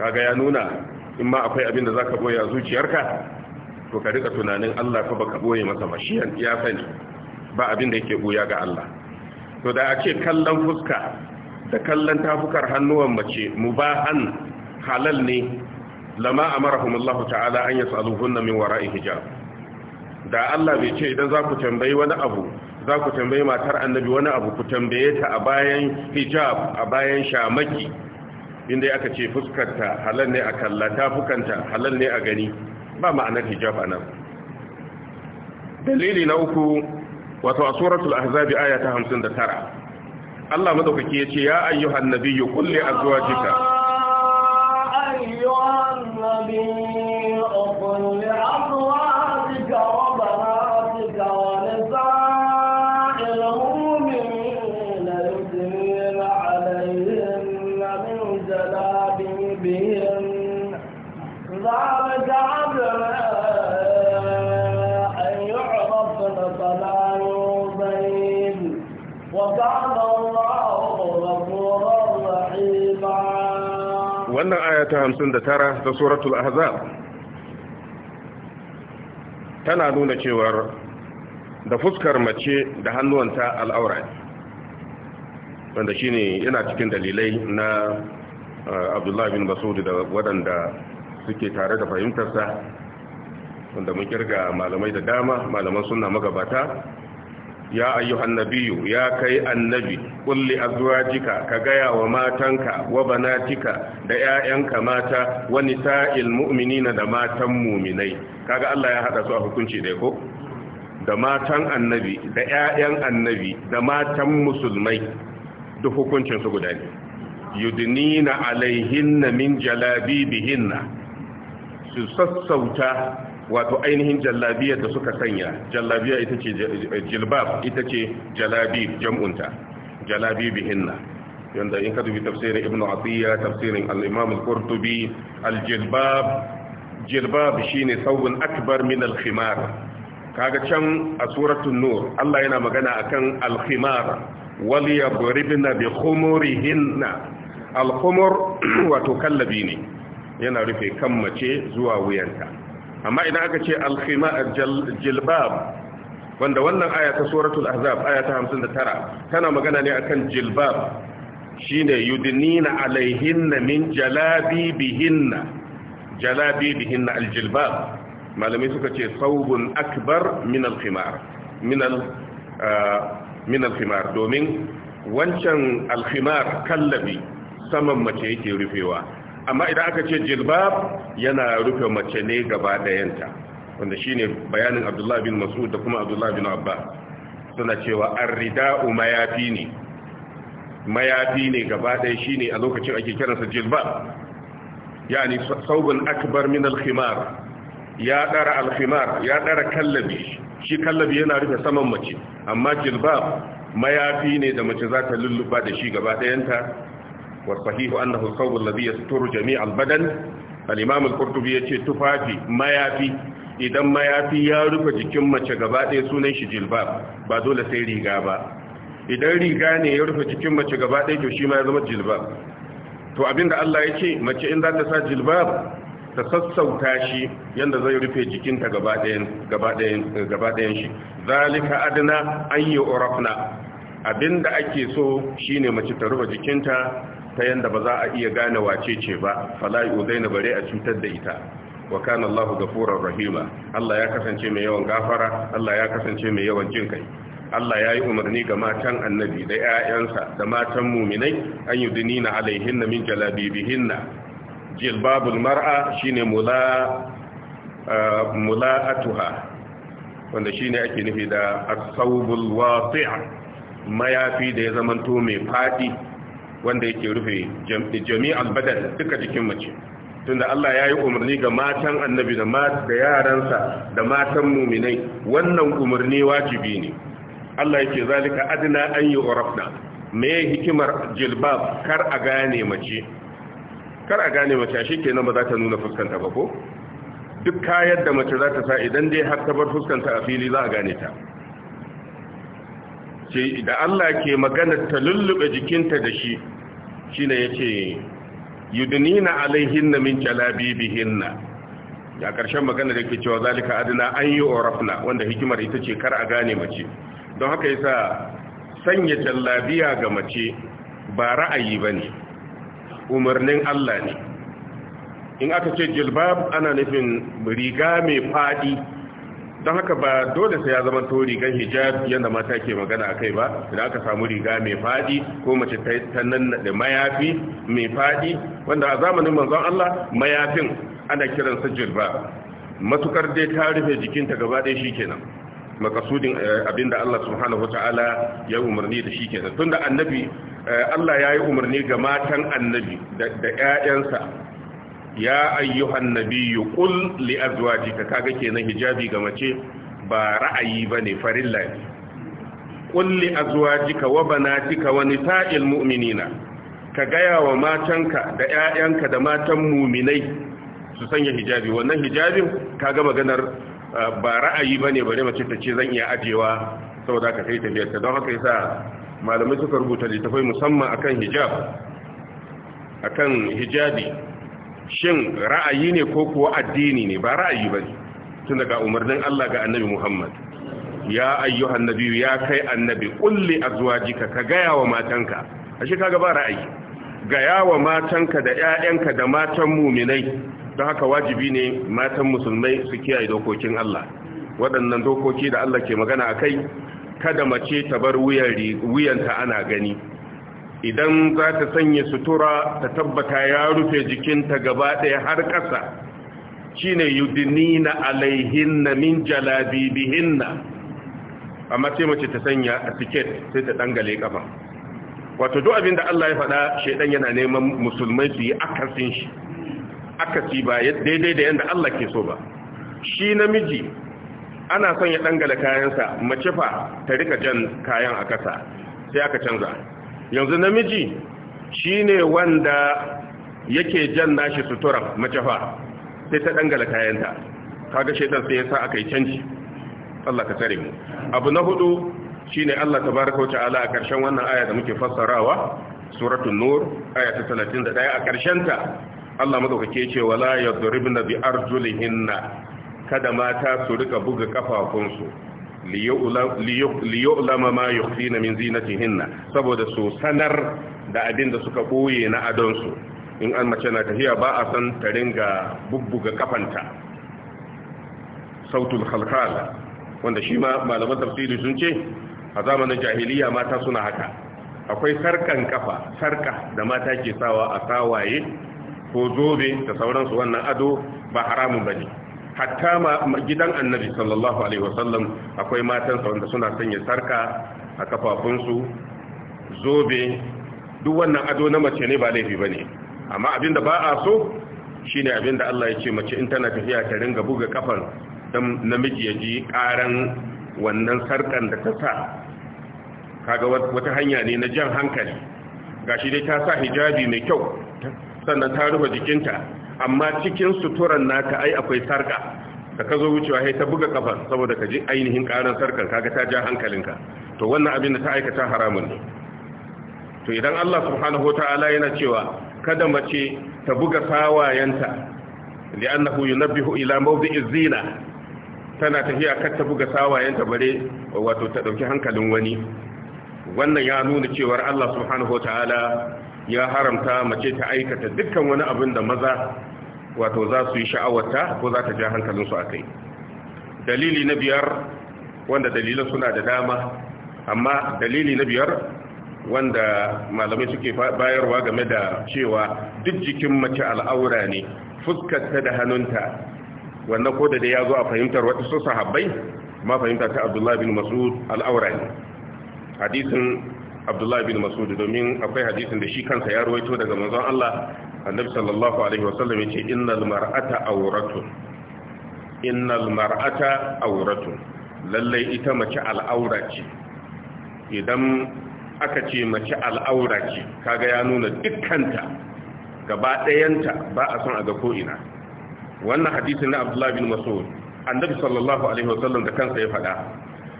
kaga ya nuna in ma akwai abin da zaka boye a zuciyarka to ka rika tunanin Allah fa baka boye masa mashiyan ya sani ba abin da yake buya ga Allah to da a ce kallon fuska da kallon tafukar hannuwan mace mubahan halal ne lama amarahum Allah ta'ala an yas'aluhunna min wara'i hijab da Allah bai ce idan za ku tambayi wani abu za ku tambayi matar annabi wani abu ku tambaye ta a bayan hijab a bayan shamaki inda aka ce fuskarta halal ne a kalla tafukanta halal ne a gani ba ma'anar hijab a nan dalili na uku wato a suratul ahzabi aya ta 59 Allah madaukaki ya ce ya ayyuhan nabiyyu kulli azwajika ayyuhan nabiyyu ta hamsin da tara ta suratul ahzab tana nuna cewar da fuskar mace da hannuwanta al'aura wanda shi ne yana cikin dalilai na uh, abdullahi bin masudi da waɗanda suke tare da fahimtarsa wanda mun kirga malamai da dama malaman suna magabata ya ayyuhan annabiyu, ya kai annabi kulli azwajika ka gaya wa matanka wa banatika da ƴaƴanka mata wani nisa'il mu'minina da matan mu'minai kaga Allah ya hada su a hukunci dai ko da matan annabi da ƴaƴan annabi da matan musulmai duk hukuncin su guda ne yudnina alaihinna min jalabibihinna su sassauta wato ainihin jallabiyar da suka sanya jallabiya ita ce jilbab ita ce jalabi jam'unta jalabi bihinna yanda in ka dubi tafsirin ibnu atiyya tafsirin al-imam al-qurtubi al-jilbab jilbab shine thawbun akbar min al-khimar kaga can a suratul nur Allah yana magana akan al-khimar wal yabribna bi khumurihinna al-khumur wato kallabi ne yana rufe kan mace zuwa wuyanta amma idan aka ce alkhima jilbab wanda wannan aya ta suratul ahzab aya ta 59 tana magana ne akan jilbab shine yudnina alaihinna min jalabibihinna jalabibihinna aljilbab malamai suka ce saubun akbar min alkhimar min al ah, min alkhimar domin wancan alkhimar kallabi saman mace yake rufewa amma idan aka ce jilbab yana rufe mace ne gaba dayanta wanda shine bayanin abdullahi bin mas'ud da kuma abdullahi bin abba suna cewa rida'u mayafi ne mayafi ne gaba daya shine a lokacin ake kiransa jilbab yani saubun akbar min al-khimar ya dara al-khimar ya dara kallabi shi kallabi yana rufe saman mace amma jilbab mayafi ne da mace za ta lulluba da shi gaba dayanta والصحيح أنه الثوب الذي يستر جميع البدن الإمام القرطبي يتي تفافي ما يافي idan mayafi ya rufe jikin mace gaba ɗaya sunan shi jilbab ba dole sai riga ba idan riga ne ya rufe jikin mace gaba ɗaya to shi ma ya zama jilbab to abin da Allah ya ce mace in za ta sa jilbab ta sassauta shi yanda zai rufe jikinta gaba ɗayan shi zalika adana an yi orafna abinda ake so shine mace ta rufe jikinta ta yanda ba za a iya gane wace ce ba fala yuzaina bare a cutar da ita wa kana Allahu ghafurur rahima Allah ya kasance mai yawan gafara Allah ya kasance mai yawan jin kai Allah ya yi umarni ga matan annabi da 'ya'yansa da matan muminai an yi dunina alaihinna min jalabibihinna jilbabul mar'a shine mula uh, mula'atuha wanda shine ake nufi da as-sawbul wasi' mayafi da ya zamanto mai fadi wanda yake rufe jami'al badan duka jikin mace tunda Allah ya yi umarni ga matan annabi da da yaransa da matan muminai wannan umarni wajibi ne Allah yake zalika adna an yu'rafna me hikimar jilbab kar a gane mace kar a gane mace kenan ba za ta nuna fuskanta ba ko duk kayan da mace za ta sa idan dai har ta bar fuskanta a fili za a gane ta ce da Allah ke magana ta lullube jikinta da shi shi ne shine yace yudnina alaihinna min jalabibihinna ya ƙarshen magana da ke cewa zalika adina an yi orafna wanda hikimar ita ce kar a gane mace don haka yasa sanya jallabiya ga mace ba ra'ayi ba ne, umarnin Allah ne in aka ce jilbab ana nufin riga mai faɗi. don haka ba dole sai ya zama to rigar hijab yadda mata ke magana a kai ba idan aka samu riga mai fadi ko mace ta nan da mayafi mai fadi wanda a zamanin manzon Allah mayafin ana kiran sa jilba matukar dai ta rufe jikinta gaba ɗaya shikenan makasudin eh, abinda Allah subhanahu wataala ya umarni da shi kenan tunda annabi eh, Allah ya yi umarni ga matan annabi da ƴaƴansa ya ayyuhan nabiyyu qul li azwajika kaga kenan hijabi ga mace ba ra'ayi bane farilla ne qul li azwajika wa banatika wa nisa'il mu'minina ka gaya wa matanka da ƴaƴanka da matan mu'minai su sanya hijabi wannan hijabin kaga maganar ah, ba ra'ayi bane bare mace ta ce zan iya ajewa saboda ka kai tafiyarta don haka yasa malamai suka rubuta littafai musamman akan hijab akan hijabi shin ra'ayi ne ko kuwa addini ne ba ra'ayi ba tun daga umarnin Allah ga annabi Muhammad ya ayyuhan annabi ya kai annabi kulli azwajika ka gaya wa matanka ashe kaga ba ra'ayi gaya wa matanka da ƴaƴanka da matan mu'minai don haka wajibi ne matan musulmai su kiyaye dokokin Allah waɗannan dokoki da Allah ke magana akai kada mace ta bar wuyanta ana gani idan za ta sanya sutura ta tabbata ya rufe jikinta gaba ɗaya har ƙasa shine yudinina alaihinna min jalabibihinna amma sai mace ta sanya a tiket sai ta dangale kafa wato duk abin Allah ya faɗa shedan yana neman musulmai su yi akasin shi akasi ba daidai da yanda Allah ke so ba shi namiji ana son ya dangala kayansa mace fa ta rika jan kayan a ƙasa, sai aka canza yanzu namiji shi ne wanda yake jan nashi sutura macefa sai ta dangala kayanta kaga shaitan sai ya sa aka yi canji Allah ka tsare mu abu na hudu shi ne Allah ta wuce ala a karshen wannan aya da muke fassarawa suratun nur aya ta 31 a karshen ta Allah madaukake ce wala yadribna bi arjulihinna kada mata su rika buga ƙafafunsu. liyulama ma yukhfina min zinatihinna saboda su sanar da abin da suka boye na adonsu in an mace na tafiya ba a san ta ringa bubbuga kafanta sautul khalkal wanda shi ma malaman tafsiri sun ce a zamanin jahiliya mata suna haka akwai sarkan kafa sarka da mata ke sawa a sawaye ko zobe da sauransu wannan ado ba haramun bane hatta gidan annabi sallallahu alaihi wasallam akwai matansa wanda suna sanya sarka a kafafunsu zobe duk wannan ado na mace ne ba laifi ba ne amma da ba a so shine da Allah ya ce mace in tana tafiya ta ringa buga kafan dan namiji ya ji karan wannan sarkan da ta sa kaga wata hanya ne na jan hankali gashi dai ta sa hijabi mai kyau sannan ta rufe jikinta amma cikin suturan naka ai akwai sarka ka ka zo wucewa sai ta buga kafa saboda ka ji ainihin karan sarkar kaga ta ja hankalinka to wannan abin da ta aikata haramun ne to idan Allah subhanahu wataala yana cewa kada mace ta buga sawayenta li'annahu yunabbihu ila mawdi'iz zina tana tafiya kar ta buga sawayenta bare wato ta dauki hankalin wani wannan ya nuna cewa Allah subhanahu wataala ya haramta mace ta aikata dukkan wani abin da maza wato za su yi sha'awarta ko za ta ja hankalinsu a kai dalili na biyar wanda dalilan suna da dama amma dalili na biyar wanda malamai suke bayarwa game da cewa duk jikin mace al'aura ne fuskarta da hannunta wannan ko da dai ya zo a fahimtar waɗansu sahabbai ma fahimta ta abdullahi bin masud al'aura ne hadisin abdullahi bin masud domin akwai hadisin da shi kansa ya ruwaito daga manzon Allah annabi sallallahu alaihi wa wasallam yace innal mar'ata awratun innal mar'ata awratun lallai ita mace al'aura ce idan aka ce mace al'aura ce kaga ya nuna dukkanta gaba ɗayanta ba a son a ga ko'ina wannan hadisin na abdullahi bin masud annabi sallallahu alaihi wa sallam da kansa ya faɗa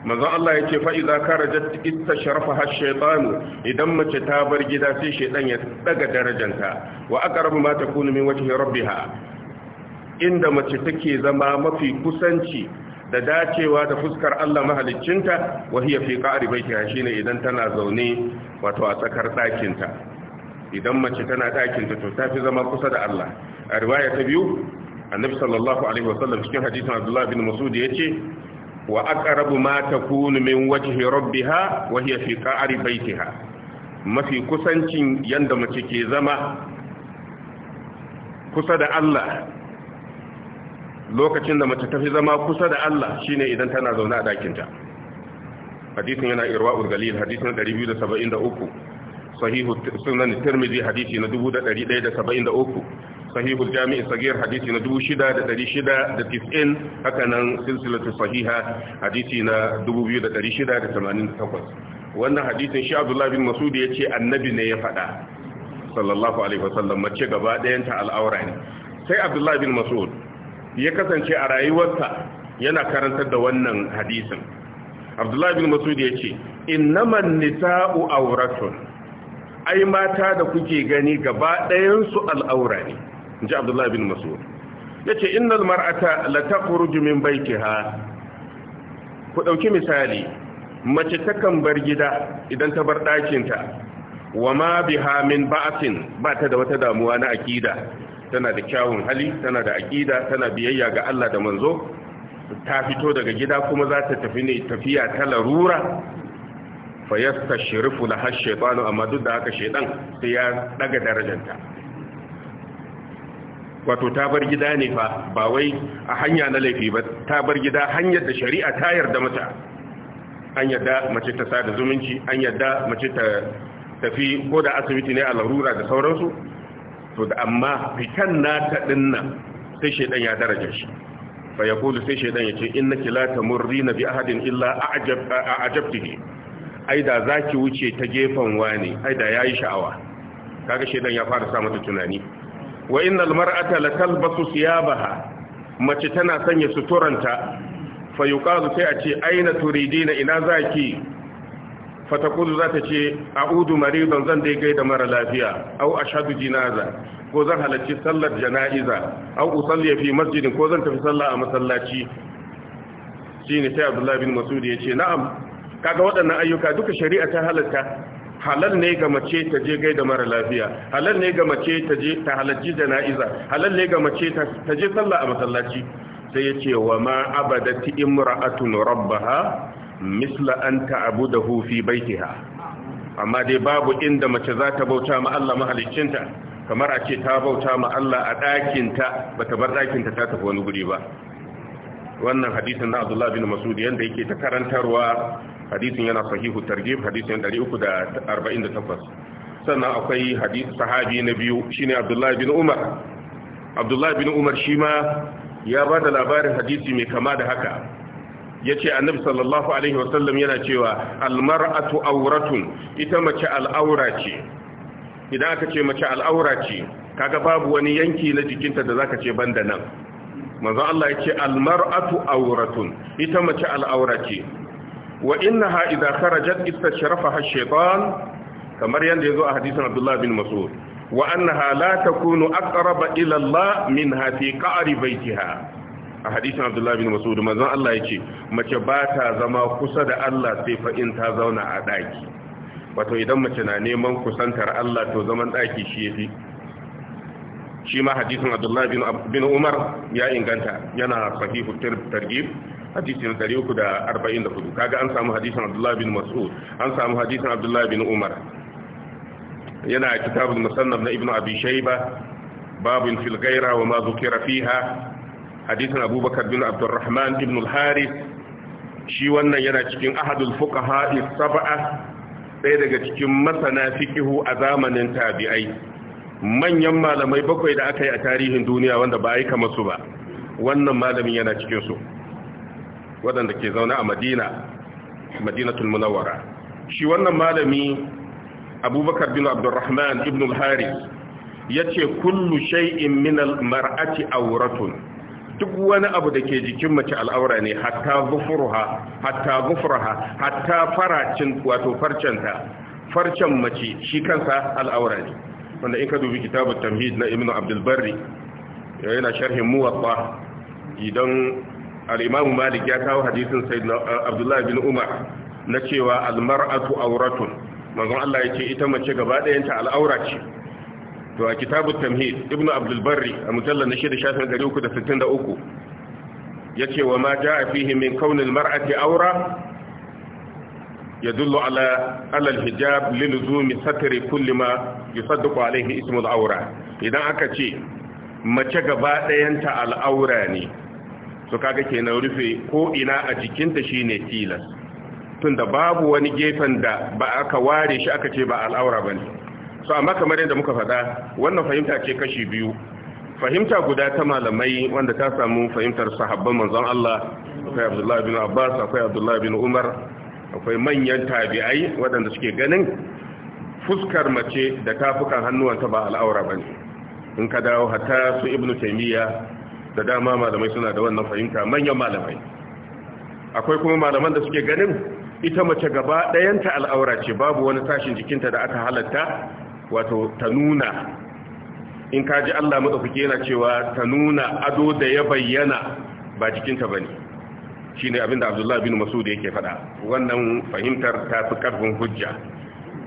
manzon Allah ya ce fa'iza karajat ita sharafa har shaitanu idan mace ta bar gida sai shaitan ya daga darajanta wa aka ma ta kunu min wacce rabbiha inda mace take zama mafi kusanci da dacewa da fuskar Allah mahaliccinta wahiya fi qa'ri baitiha shine idan tana zaune wato a tsakar ɗakinta idan mace tana ɗakinta to fi zama kusa da Allah a riwaya ta biyu annabi sallallahu alaihi wasallam cikin hadisin Abdullah bin Mas'ud yace wa aqrabu ma takunu min wajhi rabbiha wa hiya fi qa'ri baitiha mafi kusancin yanda mace ke zama kusa da Allah lokacin da mace ta fi zama kusa da Allah shine idan tana zaune a dakinta hadisin yana irwa'ul galil hadisin 273 sahihu sunan tirmidhi hadisi na 1173 sahihul jami'i sagir hadisi na 6690 haka nan silsilatu sahiha hadisi na 2688 wannan hadisin shi abdullah bin masud ya ce annabi ne ya faɗa sallallahu alaihi wasallam mace gaba ɗayanta al'aura ne sai abdullah bin masud ya kasance a rayuwarsa yana karantar da wannan hadisin abdullah bin masud ya ce innaman nisa'u auratun ai mata da kuke gani gaba ɗayansu al'aura ne ji abdullahi bin masud ya ce innal mar'ata la takhruju min baitiha ku dauki misali mace takan bar gida idan ta bar ɗakinta wa ma biha min ba'sin ba ta da wata damuwa na akida tana da kyawun hali tana da akida tana biyayya ga Allah da manzo ta fito daga gida kuma za ta tafi ne tafiya ta larura fa yastashrifu laha shaytanu amma duk da haka shaytan sai ya daga darajanta wato ta bar gida ne fa ba wai a hanya na laifi ba ta bar gida hanyar da shari'a ta yarda mata an yarda mace ta sada zumunci an yarda mace ta tafi ko da asibiti ne a larura da sauransu to da amma fitan nata dinnan sai shedan ya daraja shi fa kulu sai shedan ce innaki la na bi ahadin illa a'jab a'jabtihi da zaki wuce ta gefan wani ai da yayi sha'awa kaga shedan ya fara sa mata tunani wa innal mar'ata la talbasu siyabaha mace tana sanya suturanta fa yuqalu sai a ce aina turidina ina zaki fa taqulu za ta ce a'udu maridan zan dai gaida mara lafiya au ashhadu jinaza ko zan halarci sallar jana'iza au usalli fi masjidin ko zan tafi sallah a masallaci shine sai Abdullah bin Mas'ud ya ce na'am kaga waɗannan ayyuka duka shari'a ta halarta. halal ne ga mace ta je gaida mara lafiya halal ne ga mace ta je ta halarci jana'iza halal ne ga mace ta je sallah a masallaci sai ya ce wa ma abadati imra'atun rabbaha misla an ta'budahu fi baitiha amma dai babu inda mace za ta bauta ma Allah mahaliccinta kamar a ce ta bauta ma Allah a ɗakinta bata bar ɗakinta ta tafi wani guri ba wannan hadisin na Abdullah bin Mas'ud yanda yake ta karantarwa hadisin yana sahihu targhib hadisin 348 sannan akwai hadisi sahabi na biyu shine Abdullahi bin Umar Abdullahi bin Umar shi ma ya ba da labarin hadisi mai kama da haka Ya ce annabi sallallahu alaihi wasallam yana cewa almar'atu auratun ita mace al'aura ce idan aka ce mace al'aura ce kaga babu wani yanki na jikinta da zaka ce banda nan manzo Allah ya yace almar'atu auratun ita mace al'aura ce wa innaha idza kharajat istashrafaha ash-shaytan kamar yanda yazo a hadisin Abdullah bin Mas'ud wa annaha la takunu aqraba ila Allah minha hafi qa'ri baytiha a hadisin Abdullah bin Mas'ud manzon Allah yace mace ba ta zama kusa da Allah sai fa in ta zauna a daki wato idan mace na neman kusantar Allah to zaman daki shi yafi shi ma hadisin abdullahi bin umar ya inganta yana sahihu targib hadisin 344 kaga an samu hadisin abdullahi bin mas'ud an samu hadisin abdullahi bin umar yana kitabul musannaf na ibnu abi shayba babun fil ghaira wa ma zukira fiha hadisin abubakar bin abdurrahman ibn al-harith shi wannan yana cikin ahadul fuqaha as-sab'a ɗaya daga cikin masana fikihu a zamanin tabi'ai manyan malamai bakwai da aka yi a tarihin duniya wanda ba yi kama ba wannan malamin yana cikinsu waɗanda ke zaune a madina madinatul munawara shi wannan malami abubakar bin abdurrahman ibn al hari ya ce kullu shay'in min al-mar'ati auratun duk wani abu da ke jikin mace al'aura ne hatta zufuruha hatta zufuraha hatta faracin wato farcenta farcen mace shi kansa al'aura ne wanda in ka dubi kitabun tamhid na ibn abdulbari yana sharhin muwatsa idan al'imamu malik ya kawo hadisin sai eh, abdullahi bin umar na cewa almar'atu auratun mazan allah ya ce ita mace gaba ɗayanta al'aura ce to a kitabun tamhid ibn abdulbari a mujallar na shida shafin 363 ya ce wa ma ja a fihimin kaunin mar'ati aura يدل على على الحجاب للزوم ستر كل ما يصدق عليه اسم الأورا إذا أكتشي ما تجبا al'aura ne so kaga kenan rufe ko ina a jikinta shi ne tilas tunda babu wani gefen da ba aka ware shi aka ce ba al'aura bane so amma kamar yadda muka faɗa wannan fahimta ce kashi biyu fahimta guda ta malamai wanda ta samu fahimtar sahabban manzon Allah akwai Abdullah bin Abbas akwai Abdullah bin Umar akwai manyan tabi'ai waɗanda suke ganin fuskar mace da tafukan hannuwanta ba al'aura ba ne in ka dawo hatta su ibnu taimiyya da dama malamai suna da wannan fahimta manyan malamai akwai kuma malaman da suke ganin ita mace gaba ɗayanta al'aura ce babu wani tashin jikinta da aka halatta wato ta nuna in ka ji allah maɗaukaki yana cewa ta nuna ado da ya bayyana ba jikinta ba ne shine abinda Abdullahi bin Mas'ud yake faɗa wannan fahimtar ta fi karfin hujja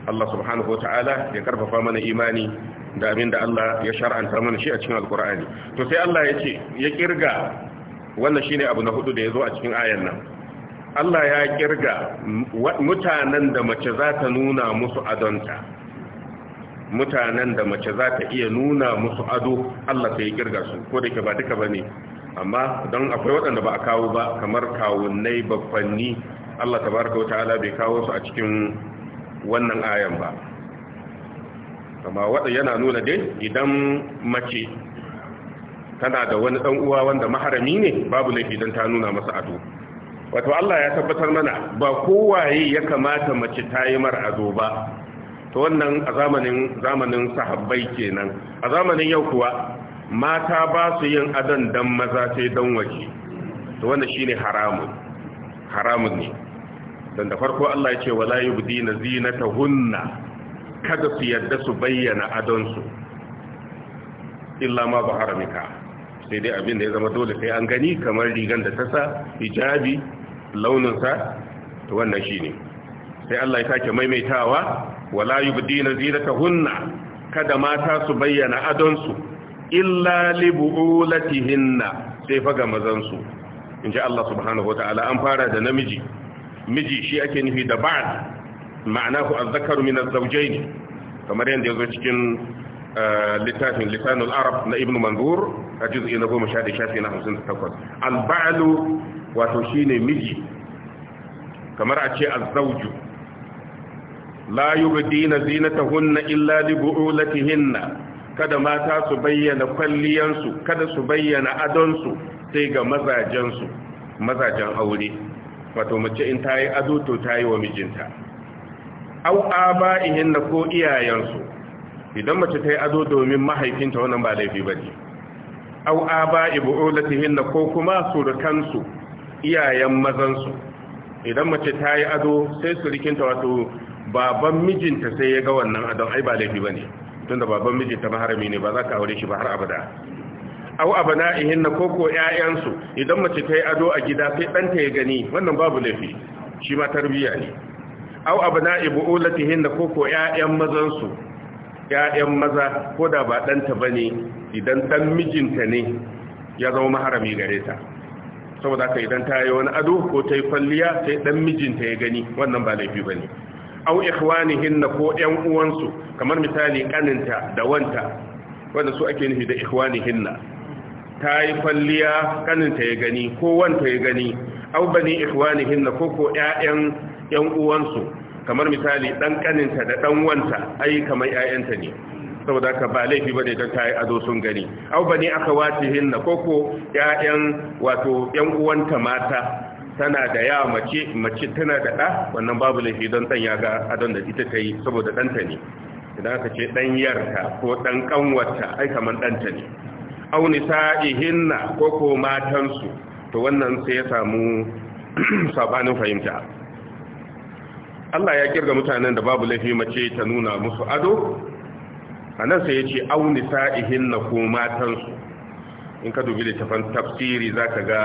Allah subhanahu wataala ya karfafa mana imani da abinda Allah ya shar'anta mana shi a cikin alkur'ani to sai Allah ya ce ya kirga wannan shine abu na hudu da yazo a cikin ayan nan Allah ya kirga mutanen da mace za ta nuna musu adonta mutanen da mace za ta iya nuna musu ado Allah sai ya kirga su ko da ke ba duka bane amma don akwai waɗanda ba a kawo ba kamar kawunai babbanni Allah tabaraka wa ta'ala bai kawo su a cikin wannan ayan ba amma waɗa yana nuna dai idan mace tana da wani ɗan uwa wanda maharami ne babu laifi don ta nuna masa ado wato Allah ya tabbatar mana ba kowaye ya kamata mace ta yi mar ado ba to wannan a zamanin zamanin sahabbai kenan a zamanin yau kuwa mata ba su yin adon dan maza sai dan waje to wannan shine haramun haramun ne dan da farko Allah ya ce wala yubdina zinatahunna kada su yadda su bayyana adon su illa ma bahara mika sai dai abin da ya zama dole sai an gani kamar rigan da ta sa hijabi launin sa to wannan shine sai Allah ya sake maimaitawa wala yubdina zinatahunna kada mata su bayyana adon su illa li bu'ulatihinna sai fa ga mazan su inji Allah subhanahu wataala an fara da namiji miji shi ake nufi da ba'd ma'anahu az-zakaru min az-zawjayn kamar yanda yazo cikin eh, littafin lisanul arab na ibnu manzur a juz'i na 10 shafi na 58 al-ba'lu wato shine miji kamar a ce az-zawju la yubdina zinatahunna illa li bu'ulatihinna kada mata su bayyana kwalliyansu kada su bayyana adonsu sai ga mazajensu mazajen aure wato mace in ta yi ado to ta yi wa mijinta au aba'ihin na ko iyayensu idan mace ta yi ado domin mahaifinta wannan ba laifi ba ne au aba'i bu'ulatihin na ko kuma surukansu iyayen mazansu idan mace ta yi ado sai surukinta wato baban mijinta sai ya ga wannan adon ai ba laifi ba ne tunda baban miji ta maharami ne ba za ka aure shi ba har abada aw abana'ihin na koko su idan mace ta yi ado a gida sai ta ya gani wannan babu laifi shi ma tarbiyya ne aw abana'i bu'ulatihin na koko ƴaƴan mazansu ƴaƴan maza ko da ba ɗanta bane idan dan mijinta ne ya zama maharami gare ta saboda haka idan ta yi wani ado ko ta yi kwalliya sai dan mijinta ya gani wannan ba laifi bane aw na ko ƴan uwansu kamar misali kaninta da wanta wanda su ake nufi da na ta yi kwalliya kaninta ya gani ko wanta ya gani au bani na ko ko ƴaƴan ƴan uwansu kamar misali dan kaninta da dan wanta ai kamar ƴaƴanta ne saboda ka ba laifi ne don ta yi ado sun gani au bani na ko ko ƴaƴan wato ƴan uwanta mata tana da ya mace mace tana da ɗa wannan babu laifi don ɗan ya ga adon da ita ta yi saboda ɗanta ne idan aka ce ɗanyarta ko ɗan ƙanwarta ai kamar ɗanta ne au nisa'ihinna ko ko matansu to wannan sai ya samu sabanin fahimta Allah ya kirga mutanen da babu laifi mace ta nuna musu ado anan sai ya ce nisa'ihinna ko matansu in ka dubi littafin tafsiri zaka ga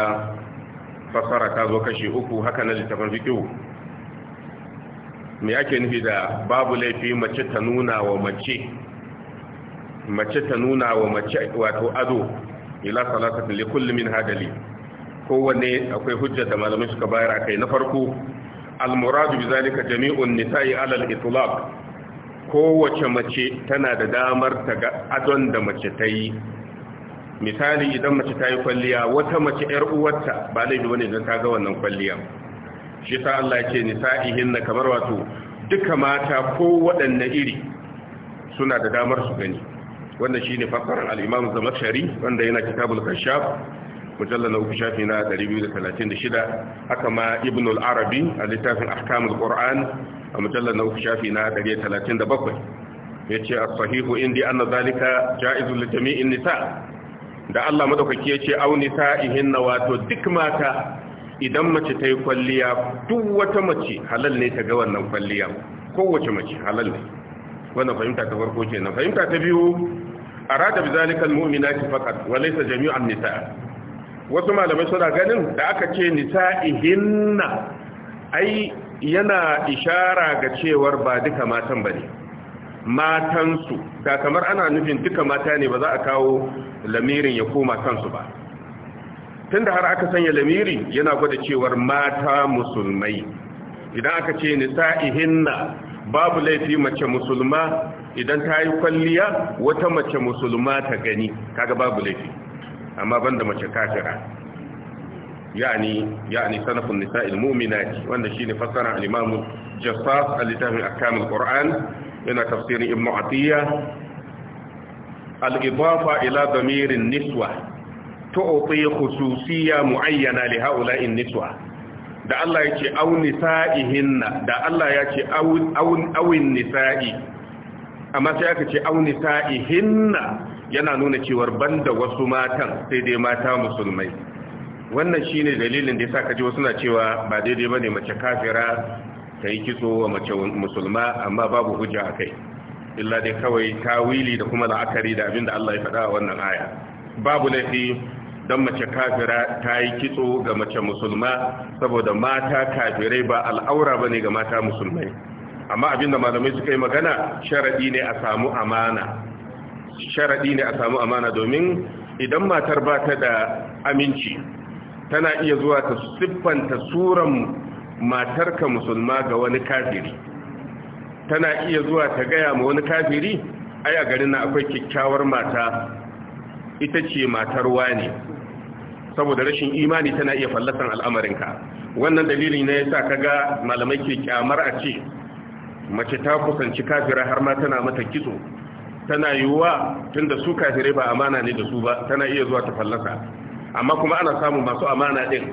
fassara ta zo kashi uku haka na littafin fikihu me ake nufi da babu laifi mace ta nuna wa mace mace ta nuna wa mace wato ado ila salatatin li kulli min hadali kowanne akwai hujja da malamai suka bayar akai na farko al muradu bi zalika jami'un nisa'i ala al itlaq kowace mace tana da damar ta ga adon da mace ta yi misali idan mace ta yi kwalliya wata mace ‘yar uwarta ba laifi wani idan ta ga wannan kwalliya shi sa Allah ke nisa'ihin na kamar wato duka mata ko waɗanne iri suna da damar su gani wannan shi ne fasarar al'imam shari wanda yana kitabul kashaf mujallar na uku shafi na 236 haka ma ibn al-arabi a littafin ahkamul qur'an a mujallar na uku shafi na ya ce a sahihu indi anna zalika ja'izul jami'in nisa' da Allah madaukaki yace auni sa'ihin wato duk mata idan mace ta yi kwalliya duk wata mace halal ne ta ga wannan kwalliya kowace mace halal ne wannan fahimta ta farko kenan fahimta ta biyu arada bi zalika mu'minati faqat wa laysa jami'an nisa wasu malamai suna ganin da aka ce nisa'ihinna ai yana ishara ga cewar ba duka matan bane matansu da kamar ana nufin duka mata ne ba za a kawo lamirin ya koma kansu ba tunda har aka sanya lamiri yana gwada cewar mata musulmai idan aka ce nisa'ihinna babu laifi mace musulma idan ta yi kwalliya wata mace musulma ta gani kaga babu laifi amma banda mace kafira yani yani sanafun nisa'il mu'minati wanda shine fassara al-imam jassas al-litafin ahkam al-qur'an yana tafsirin ibnu atiyya الإضافة إلى ila النسوة niswa خصوصية khususiyya muayyana النسوة haula'in niswa da Allah yake aw nisa'ihinna da Allah ya ce awin nisa'i amma sai aka ce nisa'ihinna yana nuna cewar banda wasu matan sai dai mata musulmai wannan shine dalilin da yasa kaje wasu na cewa ba daidai bane mace kafira ta yi kitso wa mace musulma amma babu hujja akai illa dai kawai tawili da kuma la'akari da abin da Allah ya faɗa a wannan aya babu laifi don mace kafira ta yi kitso ga mace musulma saboda mata kafirai ba al'aura ba ne ga mata musulmai amma abin da malamai suka yi magana sharaɗi ne a samu amana sharaɗi ne a samu amana domin idan matar ba ta da aminci tana iya zuwa ta siffanta suran matarka musulma ga wani kafiri tana iya zuwa ta gaya ma wani kafiri ai a garin na akwai kyakkyawar mata ita ce matar wani saboda rashin imani tana iya fallasan al'amarinka wannan dalili ne yasa kaga malamai ke kyamar a ce mace ta kusanci kafira har ma tana mata kitso tana yiwuwa tunda su kafirai ba amana ne da su ba tana iya zuwa ta fallasa amma kuma ana samun masu amana din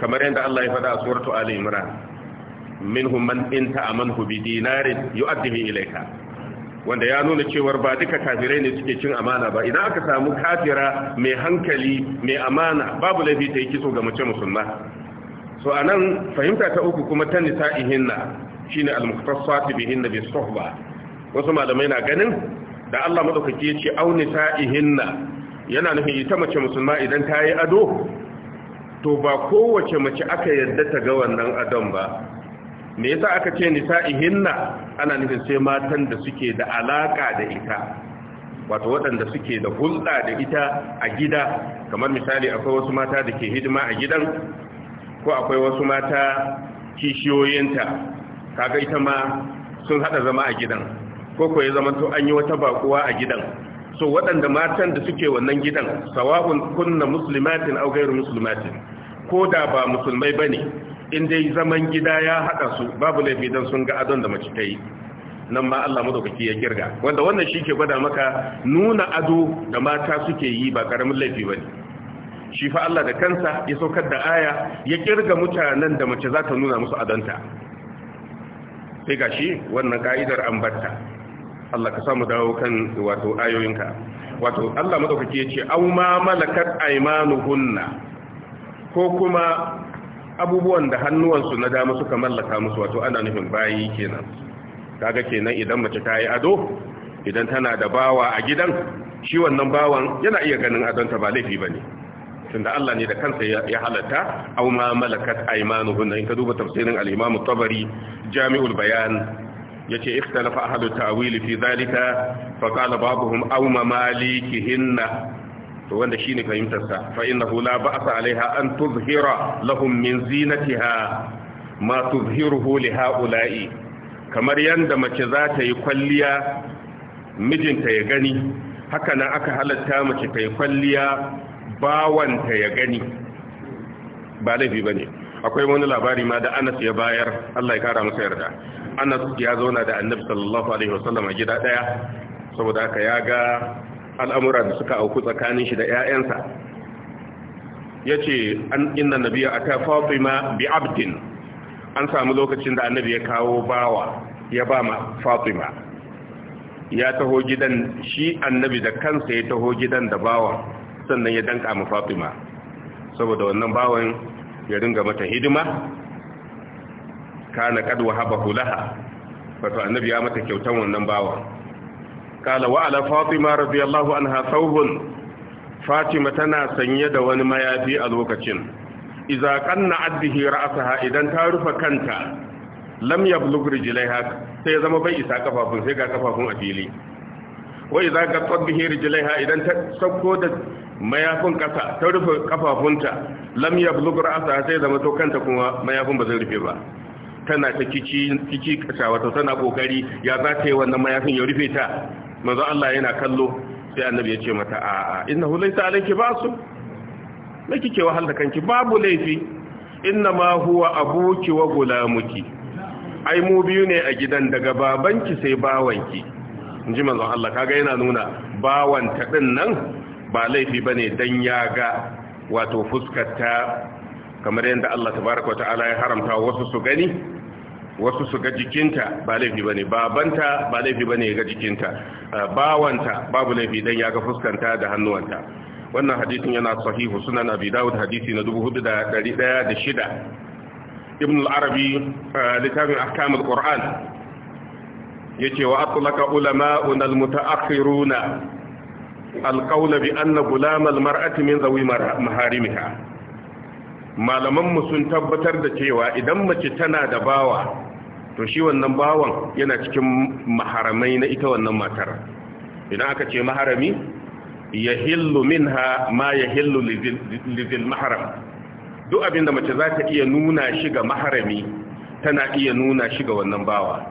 kamar yadda Allah ya faɗa a suratul Ali Imran minhum man inta amanhu bi dinarin yu'addihi ilayka wanda ya nuna cewar ba duka kafirai ne suke cin amana ba idan aka samu kafira mai hankali mai amana babu laifi ta yi kitso ga mace musulma so anan fahimta ta uku kuma ta nisa'ihinna shine al-mukhtasat bihinna bi suhba wasu malamai na ganin da Allah madaukaki ya ce au nisa'ihinna yana nufin ita mace musulma idan ta yi ado to ba kowace mace aka yarda ta ga wannan adon ba me yasa aka ce nisa'ihinna ana nufin sai matan da suke da alaka da ita wato waɗanda suke da hulɗa da ita a gida kamar misali akwai wasu mata da ke hidima a gidan ko akwai wasu mata kishiyoyinta kaga ita ma sun haɗa zama a gidan ko ko ya zama to an yi wata bakuwa a gidan so waɗanda matan da suke wannan gidan sawa'un kunna muslimatin aw ghairu muslimatin ko da ba musulmai bane in dai zaman gida ya haɗa su babu laifi don sun ga adon da mace ta yi nan ma Allah madaukaki ya girga wanda wannan shi ke gwada maka nuna ado da mata suke yi ba karamin laifi bane shi fa Allah da kansa ya saukar da aya ya kirga mutanen da mace za ta nuna musu adonta sai ga shi wannan ka'idar ambata Allah ka samu dawo kan wato ayoyinka wato Allah madaukaki ya ce aw ma malakat aymanuhunna ko kuma abubuwan da hannuwansu na dama suka mallaka musu wato ana nufin bayi kenan kaga kenan idan mace ta yi ado idan tana da bawa a gidan shi wannan bawan yana iya ganin adonta ba laifi ba ne tunda Allah ne da kansa ya halatta aw ma malakat aymanuhunna in ka duba tafsirin al-Imam tabari Jami'ul Bayan yace ikhtalafa ahlu ta'wil fi dhalika fa qala ba'dhum aw ma malikihinna to wanda shine fahimtar sa fa innahu la ba'sa alaiha an tuzhira lahum min zinatiha ma tuzhiruhu li haula'i kamar yadda mace za ta yi kwalliya mijinta ya gani haka aka halatta mace ta yi kwalliya bawanta ya gani ba laifi ne. akwai wani labari ma da Anas ya bayar Allah ya kara masa yarda Anas ya zauna da Annabi sallallahu alaihi wasallam a gida daya saboda haka ya ga al'amura da suka auku tsakanin shi da ‘ya'yansa ya ce an inna nabiya a ta fatima bi abdin an samu lokacin da annabi ya kawo bawa ya ba ma fatima ya taho gidan shi annabi da kansa ya taho gidan da bawa sannan ya danka ma fatima saboda wannan bawan ya ringa mata hidima kana kad wahaba kulaha, wato annabi ya mata kyautan wannan bawan قال وعلى فاطمة رضي الله عنها ثوب فاطمة تنا سنية وان ما يأتي الوكتين إذا كان عده رأسها إذا تعرف كنت لم يبلغ رجليها سيزم بيسا كفافون سيكا كفافون أتيلي وإذا قطت به رجليها إذا تسكودت ما يكون كسا تعرف كفافون لم يبلغ رأسها سيزم تو كنت كما ما يكون بزير فيها tana ta kici kici kasa wato tana kokari ya za ta wannan mayafin ya rufe ta manzo Allah yana kallo sai annabi ya ce mata a'a innahu laysa alayki basu me kike wahal da kanki babu laifi innama huwa abuki wa gulamuki ai mu biyu ne a gidan daga babanki sai bawanki inji manzo Allah kaga yana nuna bawan ta din nan ba laifi bane dan ya ga wato fuskar ta kamar yadda Allah tabaaraka wa ta'ala ya haramta wasu su gani wasu su ga jikinta ba laifi bane babanta ba laifi bane ga jikinta eh, bawanta babu laifi dan ya ga fuskanta da hannuwanta wannan hadisin yana sahihu sunan abi dawud hadisi na 4106 ibn al-arabi eh, litafin ahkam al-qur'an yace wa atlaqa ulama'una al-muta'akhiruna al-qawl bi anna gulam al-mar'ati malaman mu sun tabbatar da cewa idan mace tana da bawa to shi wannan bawan yana cikin maharamai na ita wannan matar idan aka ce maharami ya hillu minha ma ya hillu lizil maharam duk abinda mace za ta iya nuna shi ga maharami tana iya nuna shi ga wannan bawa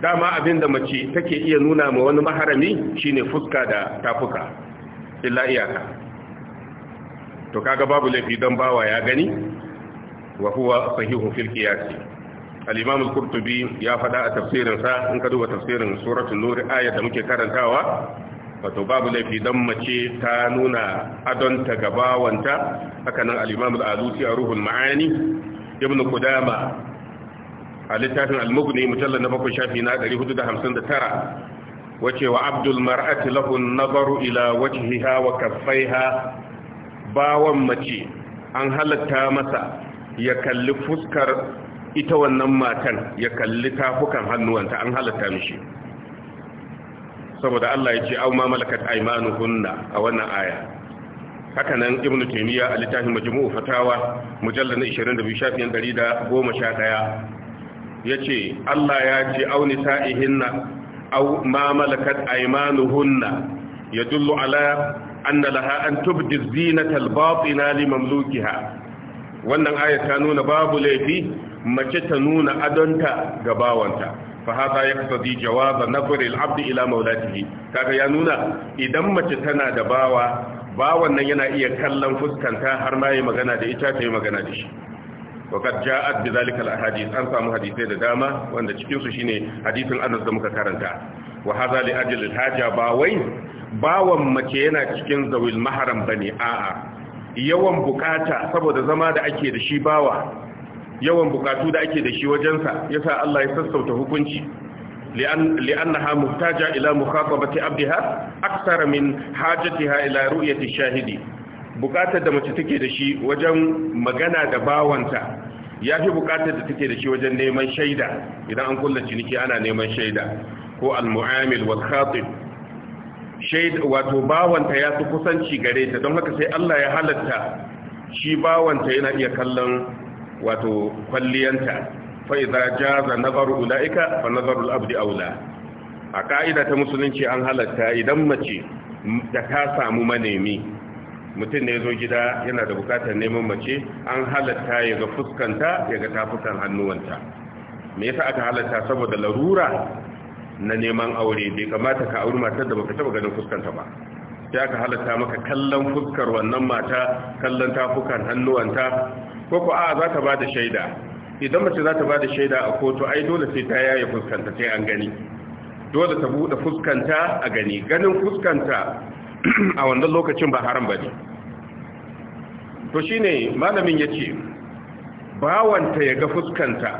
dama abinda mace take iya nuna ma wani maharami shine fuska da tafuka illa iyaka to kaga babu laifi don bawa ya gani wa huwa sahihu fil qiyas al kurtubi ya faɗa a tafsirin sa ka duba tafsirin suratul nur ayat da muke karantawa wato babu laifi dan mace ta nuna adonta gabawanta haka nan al-imam al-alusi a ruhun ma'ani ibn qudama a littafin al-mughni na bakwai shafi na 459 wace wa abdul mar'ati lahu nazaru ila wajhiha wa kaffaiha bawan mace an halatta masa ya kalli fuskar ita wannan matan ya kalli tafukan hannuwanta an halatta mishi saboda Allah ya ce au ma malakat aymanuhunna a wannan aya haka nan ibnu taymiya a littafin majmu'u fatawa mujallal 22 shafin 111 ya ce Allah ya ce auni sa'ihinna au ma malakat aimanuhunna ya dullu ala anna laha an tubdi zinatal batina li mamlukiha wannan aya ta nuna babu laifi mace ta nuna adonta ga bawanta fa ya yaqtadi jawaz nazar al-abd ila mawlatihi kaga ya nuna idan mace tana da bawa bawan nan yana iya kallon fuskanta har ma yi magana da ita ta yi magana da shi وقد جاءت al-ahadith an samu hadisi da dama wanda cikin su shine hadisin annas da muka karanta wa haza li ajli al ba bawai? bawan mace yana cikin zawil mahram bane a'a yawan bukata saboda zama da ake da shi bawa yawan bukatu da ake da shi wajensa sa Allah ya sassauta hukunci لأنها muhtaja ila مخاطبة عبدها أكثر من حاجتها إلى رؤية shahidi. bukatar da mace take da shi wajen magana da bawanta ya fi bukatar da take da shi wajen neman shaida idan an kulla ciniki ana neman shaida ko al-mu'amil wal khatib shaida wato bawanta ya fi kusanci gare ta don haka sai Allah ya halatta shi bawanta yana iya kallon wato kwalliyanta fa idza jaza nazaru ulaika fa nazaru al-abdi aula a ka'ida ta musulunci an halatta idan mace da ta samu manemi mutum ne zo gida yana da bukatar neman mace an halatta ya ga fuskanta ya ga tafukan hannuwanta me yasa aka halatta saboda larura na neman aure bai kamata ka auri matar da baka taba ganin fuskanta ba Ya ka halatta maka kallon fuskar wannan mata kallon tafukan hannuwanta ko ko a za ta ba da shaida idan mace za ta ba da shaida a kotu ai dole sai ta yaye fuskanta sai an gani dole ta buɗe fuskanta a gani ganin fuskanta a wannan lokacin ba haram ba ne to shine malamin ya ce bawanta ya ga fuskanta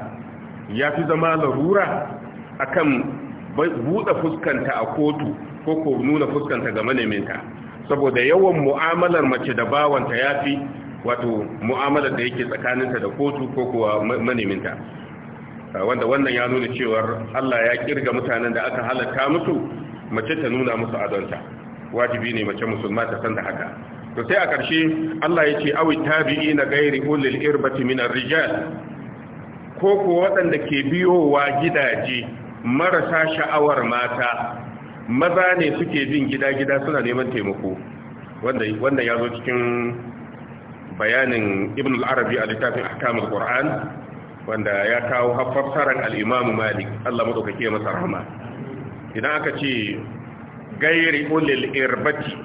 ya fi zama larura akan buɗe fuskanta a kotu ko ko nuna fuskanta ga maneminta saboda yawan mu'amalar mace da bawanta ya fi wato mu'amalar da yake tsakaninta da kotu ko kuwa maneminta ah, wanda wannan ya nuna cewar Allah ya kirga mutanen da aka halatta musu mace ta nuna musu adonta wajibi ne mace musulma ta san da haka to sai a ƙarshe Allah ya ce awi tabi'ina ghairi ulil irbati min ar-rijal ko ko waɗanda ke biyowa gidaje marasa sha'awar mata maza ne suke bin gida-gida suna neman taimako wanda ya zo cikin bayanin ibn al-arabi a littafin ahkamul qur'an wanda ya kawo hafafsaran al-imam malik Allah madaukake masa rahama idan aka ce gairi ulil irbati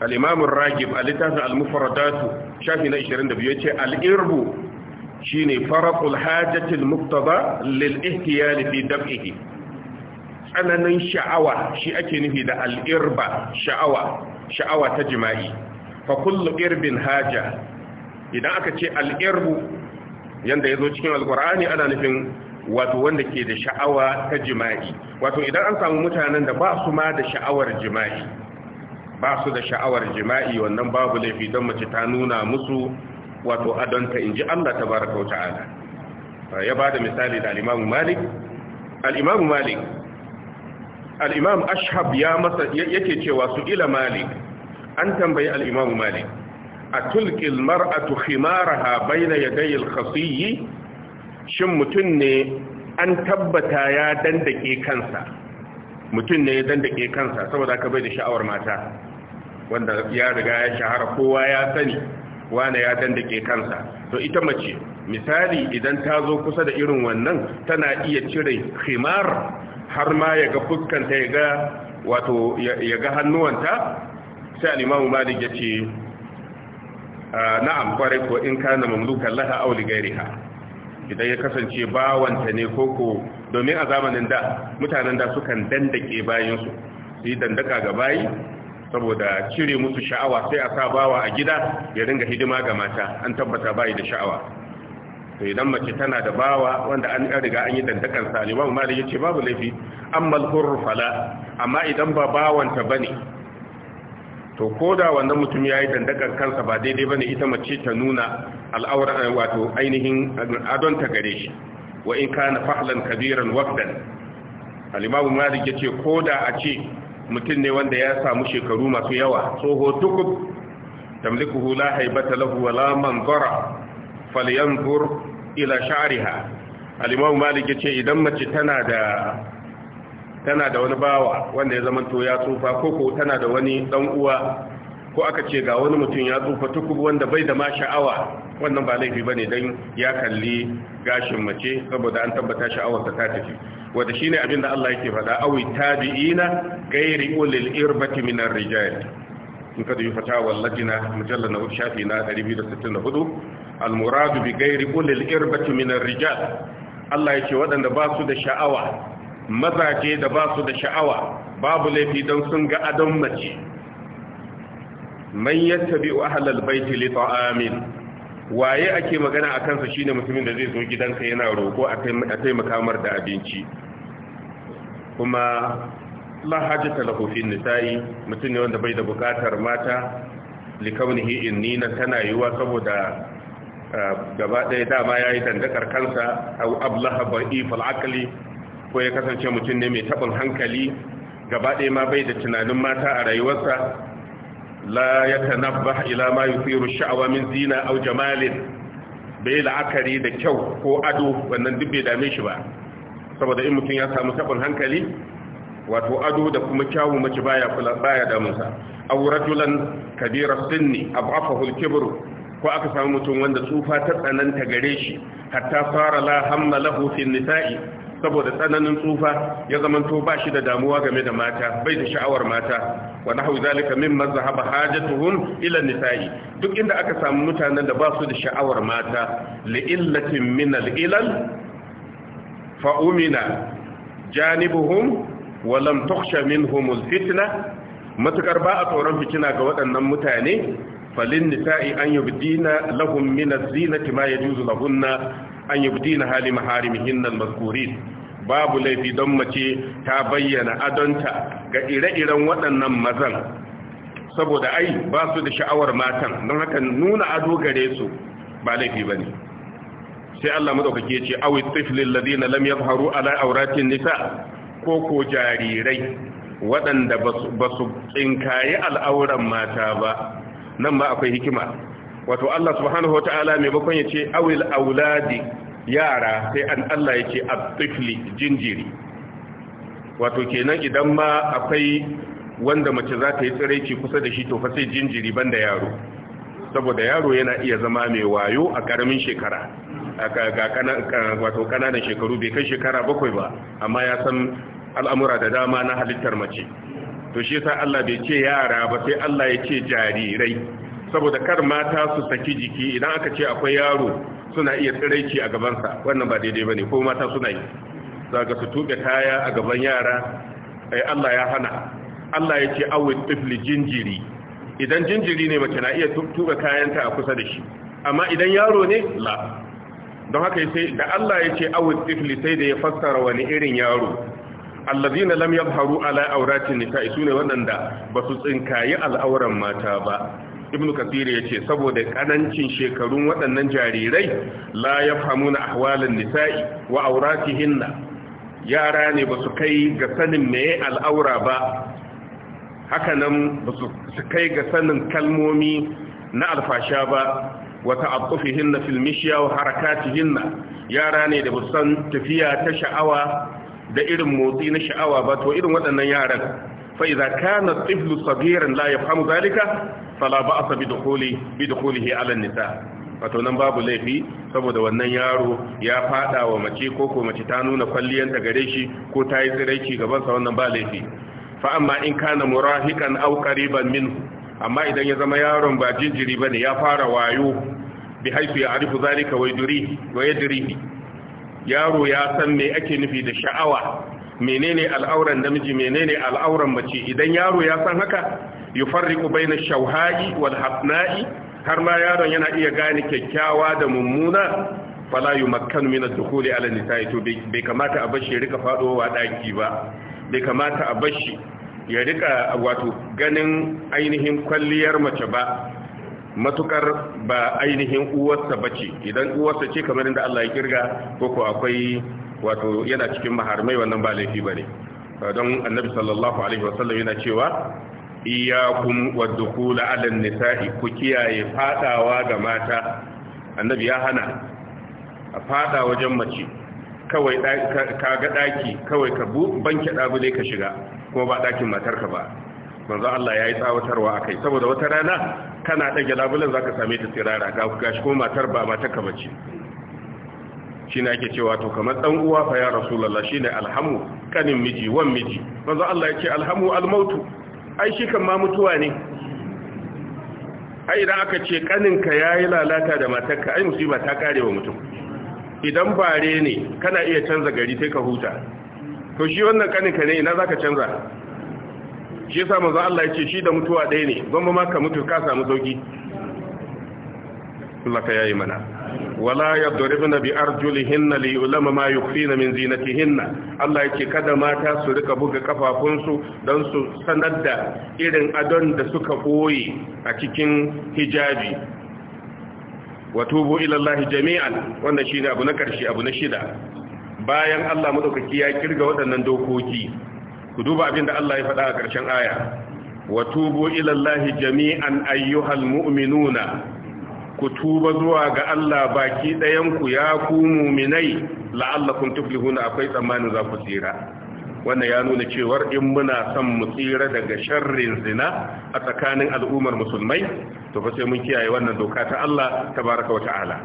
al ragib a littafin al-mufradatu shafi na 22 yace al-irbu shine farqul hajatil muktaba lil ihtiyal fi dab'ihi tsananin sha'awa shi ake nufi da al'irba sha'awa sha'awa ta jima'i fa kullu irbin haja idan aka ce al'irbu yanda yazo cikin alqur'ani ana nufin wato wanda ke da sha'awa ta jima'i wato idan an samu mutanen da ba su ma da sha'awar jima'i ba su da sha'awar jima'i wannan babu laifi don mace ta nuna musu wato adonta in ji Allah ta baraka wa ta'ala ya ba da misali da al'imamu malik al'imamu malik al'imamu ashab ya masa yake cewa su ila malik an tambayi al'imamu malik a tulkil mar'atu khimaraha bayna ya al-khasiyyi shin mutum ne an tabbata ya dandake kansa mutum ne ya dandake kansa saboda ka bai da sha'awar mata wanda ya riga ya shahara kowa ya sani wane ya dandake kansa to ita mace misali idan ta zo kusa da irin wannan tana iya cire khimar har ma ya ga fuskanta ya ga wato ya ga hannuwanta sai al-imamu malik ya ce ah, na'am kwarai ko in kana mamlukan laha aw li idan ya kasance bawanta ne koko domin a zamanin da mutanen da sukan dandake bayansu su yi dandaka ga bayi saboda cire musu sha'awa sai a sa bawa a gida ya dinga hidima ga mata an tabbata bai da sha'awa to idan mace tana da bawa wanda an riga an yi dandakan sa Imam Malik yace babu laifi amma al-hurr fala amma idan ba bawanta bane to koda wannan mutum yayi dandakan kansa ba daidai bane ita mace ta nuna al'aura wato ainihin adon ta gare shi wa in kana fahlan kabiran waqtan al-Imam Malik yace koda a ce mutum ne wanda ya samu shekaru masu yawa tsoho tukub tamlikuhu la haibata lahu wala manzara falyanzur ila sha'riha al-imam malik yace idan mace tana da tana da wani bawa wanda ya zama to ya tsufa koko tana da wani dan uwa ko aka ce ga wani mutum ya tsufa tukub wanda bai da ma sha'awa wannan ba laifi bane dan ya kalli gashin mace saboda an tabbata sha'awarsa ta tafi wanda shine abin da Allah yake faɗa awi tabi'ina ghairi ulil irbati min rijal in ka dubi fatawa lajina mujallal na shafi na 264 al murad bi ghairi ulil irbati min rijal Allah yake waɗanda ba su da sha'awa mazaje da ba su da sha'awa babu laifi don sun ga adon mace man yattabi'u ahlal baiti li ta'amin waye ake magana a kansa shine mutumin da zai zo gidanka yana roko a taimaka mar da abinci kuma la hajata lahu fi nisa'i mutum ne wanda bai da bukatar mata li kaunihi innina tana yiwa saboda ah, gaba ɗaya dama ya yi dandakar kansa au ablaha ba'ifal akli ko ya kasance mutum ne mai taɓin hankali gaba ɗaya ma bai da tunanin mata a rayuwarsa la yatanabbah ila ma yufiru sha'wa min zina aw jamalin bai la'akari da kyau ko ado wannan duk bai dame shi ba saboda in mutum ya samu tabin hankali wato ado da kuma kyawu mace baya kula baya damunsa aw rajulan kabira sinni ab'afahu al-kibru ko aka samu mutum wanda tsufa ta tsananta gare shi har ta fara la hamma lahu fi nisa'i saboda tsananin tsufa ya zamanto ba shi da damuwa game da mata bai da sha'awar mata wa nahu zalika mimma zahaba hajatuhum ila nisa'i duk inda aka samu mutanen da ba su da sha'awar mata li'illatin illatin min al-ilal fa umina janibuhum wa lam tukhsha minhum al-fitna matukar ba a tsoron fitina ga waɗannan mutane falin nisa'i an yubdina lahum min az-zinati ma yajuzu lahunna an yubdina hali maharimihin al mazkurin babu laifi don mace ta bayyana adonta ga ire-iren waɗannan mazan saboda ai ba su da sha'awar matan don haka nuna ado gare su ba laifi ba ne sai Allah maɗaukake ce awi tiflin ladina lam haru, ala auratin nisa ko ko jarirai waɗanda ba su tsinkaye al'auran mata ba nan ba akwai hikima wato Allah subhanahu wa ta'ala bakon ya ce awil auladi yara sai an Allah ya ce abtifli jinjiri wato kenan idan ma akwai wanda mace za ta yi tsiraici kusa da shi to fa sai jinjiri banda yaro saboda yaro yana iya zama mai wayo a karamin shekara wato kananan shekaru bai kai shekara bakwai ba amma ya san al'amura da dama na halittar mace to shi yasa Allah bai ce yara ba sai Allah ya ce jarirai saboda kar mata su saki jiki idan aka ce akwai yaro suna iya tsiraici a gabansa wannan ba daidai ba ne ko mata suna yi zaga su tuɓe kaya a gaban yara ai Allah ya hana Allah ya ce awin tifli jinjiri idan jinjiri ne mace na iya tuɓe kayanta a kusa da shi amma idan yaro ne la don haka sai da Allah ya ce awin tifli sai da ya fassara wani irin yaro allazina lam yadhharu ala awratin nisa'i sune waɗanda basu tsinkayi al'auran mata ba ibnu kasir ya ce saboda kanancin shekarun waɗannan jarirai la yafhamuna ahwalan nisa'i wa hinna yara ne ba su kai ga sanin meye al'aura ba haka nan ba su kai ga sanin kalmomi na alfasha ba wa ta'affufihinna hinna mishya wa harakatihinna yara ne da ba san tafiya ta sha'awa da irin motsi na sha'awa ba to irin waɗannan yaran fa idza kana tiflu saghiran la yafhamu zalika fala ba asa bi dukuli bi ala nisa wato nan babu laifi saboda wannan yaro ya fada wa mace ko ko mace ta nuna ta gare shi ko ta yi tsiraici gaban sa wannan ba laifi fa amma in kana murahikan aw qariban min amma idan ya zama yaron ba jinjiri bane ya fara wayo bi haifu ya arifu zalika wa yadri wa yadri yaro ya san me ake nufi da sha'awa menene al'auran namiji menene al'auran mace idan yaro ya san haka yufarriqu bayna shauha'i wal hasna'i har ma yaron yana iya gane kyakkyawa da mummuna fala yumakkanu min ad dukhuli ala nisa'i to bai kamata a bashi rika fadowa daki ba bai kamata a bashi ya rika wato ganin ainihin kwalliyar mace ba matukar ba ainihin uwarsa bace idan uwarsa ce kamar inda Allah ya kirga ko ko akwai wato yana cikin maharmai wannan ba laifi bane don annabi sallallahu alaihi wasallam yana cewa iyyakum wad-dukhul 'ala an-nisa'i ku kiyaye fadawa ga mata annabi ya hana a fada wajen mace kawai ka ga daki kawai ka banke dai ka shiga kuma ba dakin matarka ba manzo Allah yayi tsawatarwa akai saboda wata rana kana dage labulan zaka same ta tsirara ga gashi ko matar ba matarka bace shine ake cewa to kamar dan uwa fa ya rasulullah shine alhamu kanin miji wan miji manzo Allah yake alhamu almautu ai shi kan ma mutuwa ne ai idan aka ce kaninka ya yi lalata da matarka ai musiba ta kare wa mutum idan bare ne kana iya canza gari sai ka huta to shi wannan kaninka ne ina za ka canza shi sa manzo Allah ya ce shi da mutuwa ɗaya ne zama ma ka mutu ka samu sauki Allah ka yayi mana wala yadribna bi arjulihinna li ulama ma yukhfina min Allah yake kada mata su rika buga kafafunsu don su sanar da irin adon da suka boye a cikin hijabi wa tubu ila Allah jami'an wannan shine abu na karshe abu na shida bayan Allah madaukaki ya kirga waɗannan dokoki ku duba abinda Allah ya faɗa a ƙarshen aya wa tubu ila Allah jami'an ayyuhal mu'minuna ku tuba zuwa ga Allah baki ɗayan ku ya ku muminai la'allakum tuflihuna akwai tsammanin za ku tsira wannan ya nuna cewar in muna son mu tsira daga sharrin zina a tsakanin al'ummar musulmai to fa sai mun kiyaye wannan doka ta Allah tabaraka wa ta'ala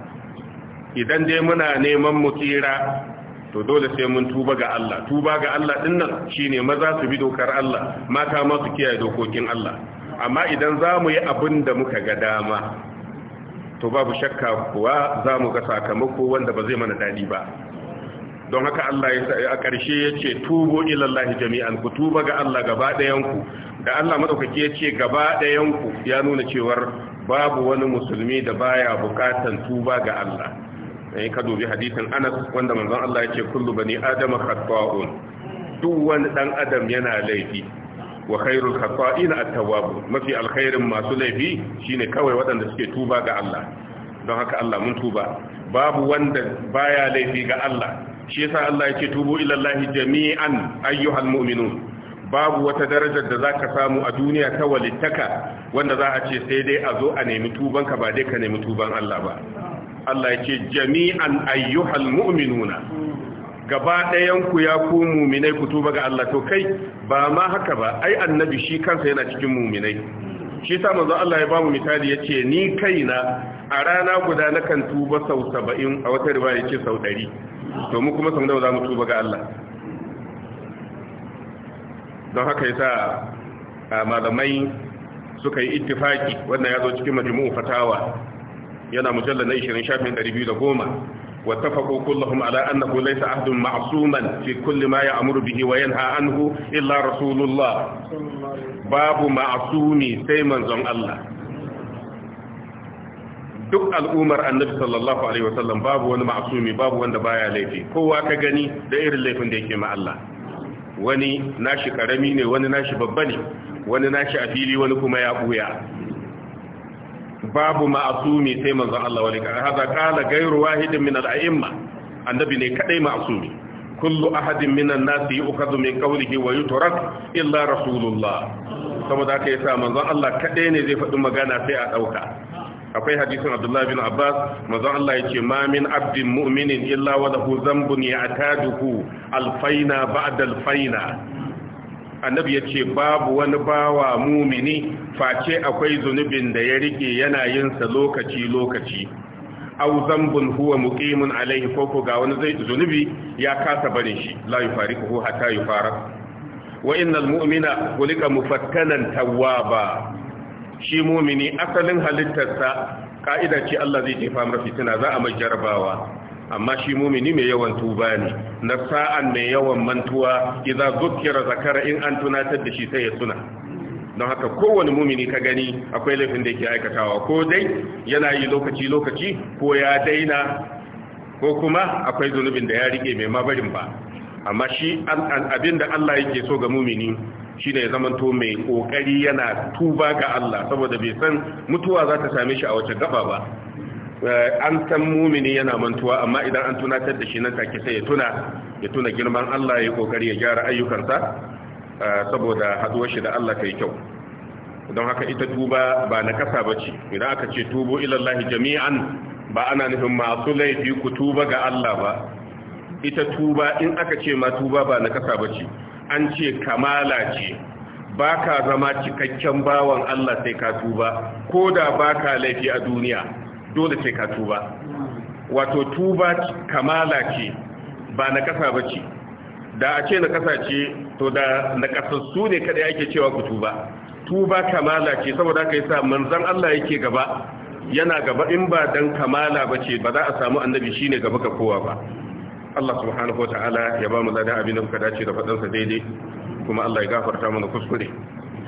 idan dai muna neman mu tsira to dole sai mun tuba ga Allah tuba ga Allah din nan shine maza su bi dokar Allah mata ma su kiyaye dokokin Allah amma idan za mu yi abin da muka ga dama to babu shakka kuwa za mu ga sakamako wanda ba zai mana daɗi ba don haka Allah ya a ƙarshe ya ce tubo ilallahi jami'an ku tuba ga Allah gaba ɗayanku da Allah maɗaukaki ya ce gaba ɗayanku ya nuna cewar babu wani musulmi da baya buƙatan tuba ga Allah in ka dubi hadisin Anas wanda manzon Allah ya ce kullu bani adama khata'un duk wani dan adam yana laifi wa khairul khata'ina at-tawwab mafi alkhairin masu laifi shine kawai waɗanda suke tuba ga Allah don haka Allah mun tuba babu wanda baya laifi ga Allah shi yasa Allah yake tubu ila Allah jami'an ayyuhal mu'minun babu wata darajar da zaka samu a duniya ta walittaka wanda za a ce sai dai a zo a nemi tubanka ba dai ka nemi tuban Allah ba Allah yake jami'an ayyuhal mu'minuna gaba ɗayanku ya ku muminai ku tuba ga Allah to kai ba ma haka ba ai annabi shi kansa yana cikin muminai shi ta manzo Allah ya bamu misali yace ni kaina a rana guda na kan tuba sau 70 a wata riwaya yace sau 100 to mu kuma sau za mu tuba ga Allah don haka yasa malamai suka yi ittifaki wannan ya zo cikin majmu'u fatawa yana mujallal na 20 shafin 210 واتفقوا كلهم على أنه ليس أحد معصوما في كل ما يأمر به وينهى عنه إلا رسول الله باب معصومي سيما زن الله duk al'umar annabi sallallahu alaihi wasallam babu wani ma'asumi babu wanda baya laifi kowa ka gani da irin laifin da yake ma Allah wani nashi karami ne wani nashi babba ne wani nashi a wani kuma ya buya babu ma'asumi sai manzon Allah wa lika hada kala ghayru wahidin min al-a'imma annabi ne kadai ma'asumi kullu ahadin minan nasi yu'khadhu min qawlihi wa yutrak illa rasulullah saboda haka yasa manzon Allah kadai ne zai faɗi magana sai a dauka akwai hadisin Abdullah bin Abbas manzon Allah yake ma min abdin mu'minin illa wa lahu dhanbun ya'taduhu alfaina ba'da alfaina annabi ya ce babu wani bawa mumini face akwai zunubin da ya rike yana yinsa lokaci-lokaci au zambun huwa muqimun alaihi koko ga wani zai zunubi ya kasa barin shi la yufariquhu hatta yufarak wa innal mu'mina kulika mufattanan tawwaba shi mumini asalin halittarsa ka'ida ce Allah zai jefa mar fitina za a mai jarabawa amma shi mumini mai yawan tuba ne na sa'an mai yawan mantuwa idan zukira zakara in an tunatar da shi sai ya suna don haka kowane mumini ka gani akwai laifin da yake aikatawa ko dai yana yi lokaci lokaci ko ya daina ko kuma akwai zunubin da ya rike mai mabarin ba amma shi abin da Allah yake so ga mumini shi ne to mai kokari yana tuba ga Allah saboda bai san mutuwa za ta same shi a wace gaba ba Eh, an san mumini yana mantuwa amma idan an tunatar da shi nan take sai ya tuna ya tuna girman Allah ya kokari ya gyara ayyukansa eh, saboda haduwar shi da Allah kai kyau don haka ita tuba ba na kasa bace idan aka ce tubu ila Allah jami'an ba ana nufin masu laifi ku tuba ga Allah ba ita tuba in aka ce ma tuba ba na kasa bace an ce kamala ce ba ka zama cikakken bawan Allah sai ka tuba ko da ba ka laifi a duniya dole sai ka tuba wato tuba kamala ce ba na kasa ba ce da a ce na kasa ce to da na kasassu ne kada ake cewa ku tuba tuba kamala ce saboda ka yi sa manzan Allah yake gaba yana gaba in ba dan kamala ba ce ba za a samu annabi shi ne gaba ga kowa ba Allah subhanahu wa ta'ala ya ba mu ladan abin da kuka dace da fadansa daidai kuma Allah ya gafarta mana kuskure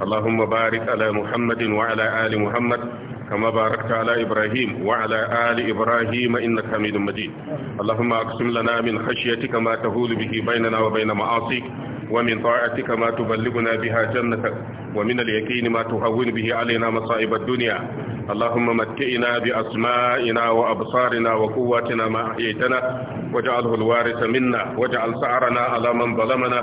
اللهم بارك على محمد وعلى آل محمد كما باركت على إبراهيم وعلى آل إبراهيم إنك حميد مجيد اللهم أقسم لنا من خشيتك ما تهول به بيننا وبين معاصيك ومن طاعتك ما تبلغنا بها جنتك ومن اليقين ما تهون به علينا مصائب الدنيا اللهم متئنا بأسمائنا وأبصارنا وقواتنا ما أحييتنا واجعله الوارث منا واجعل سعرنا على من ظلمنا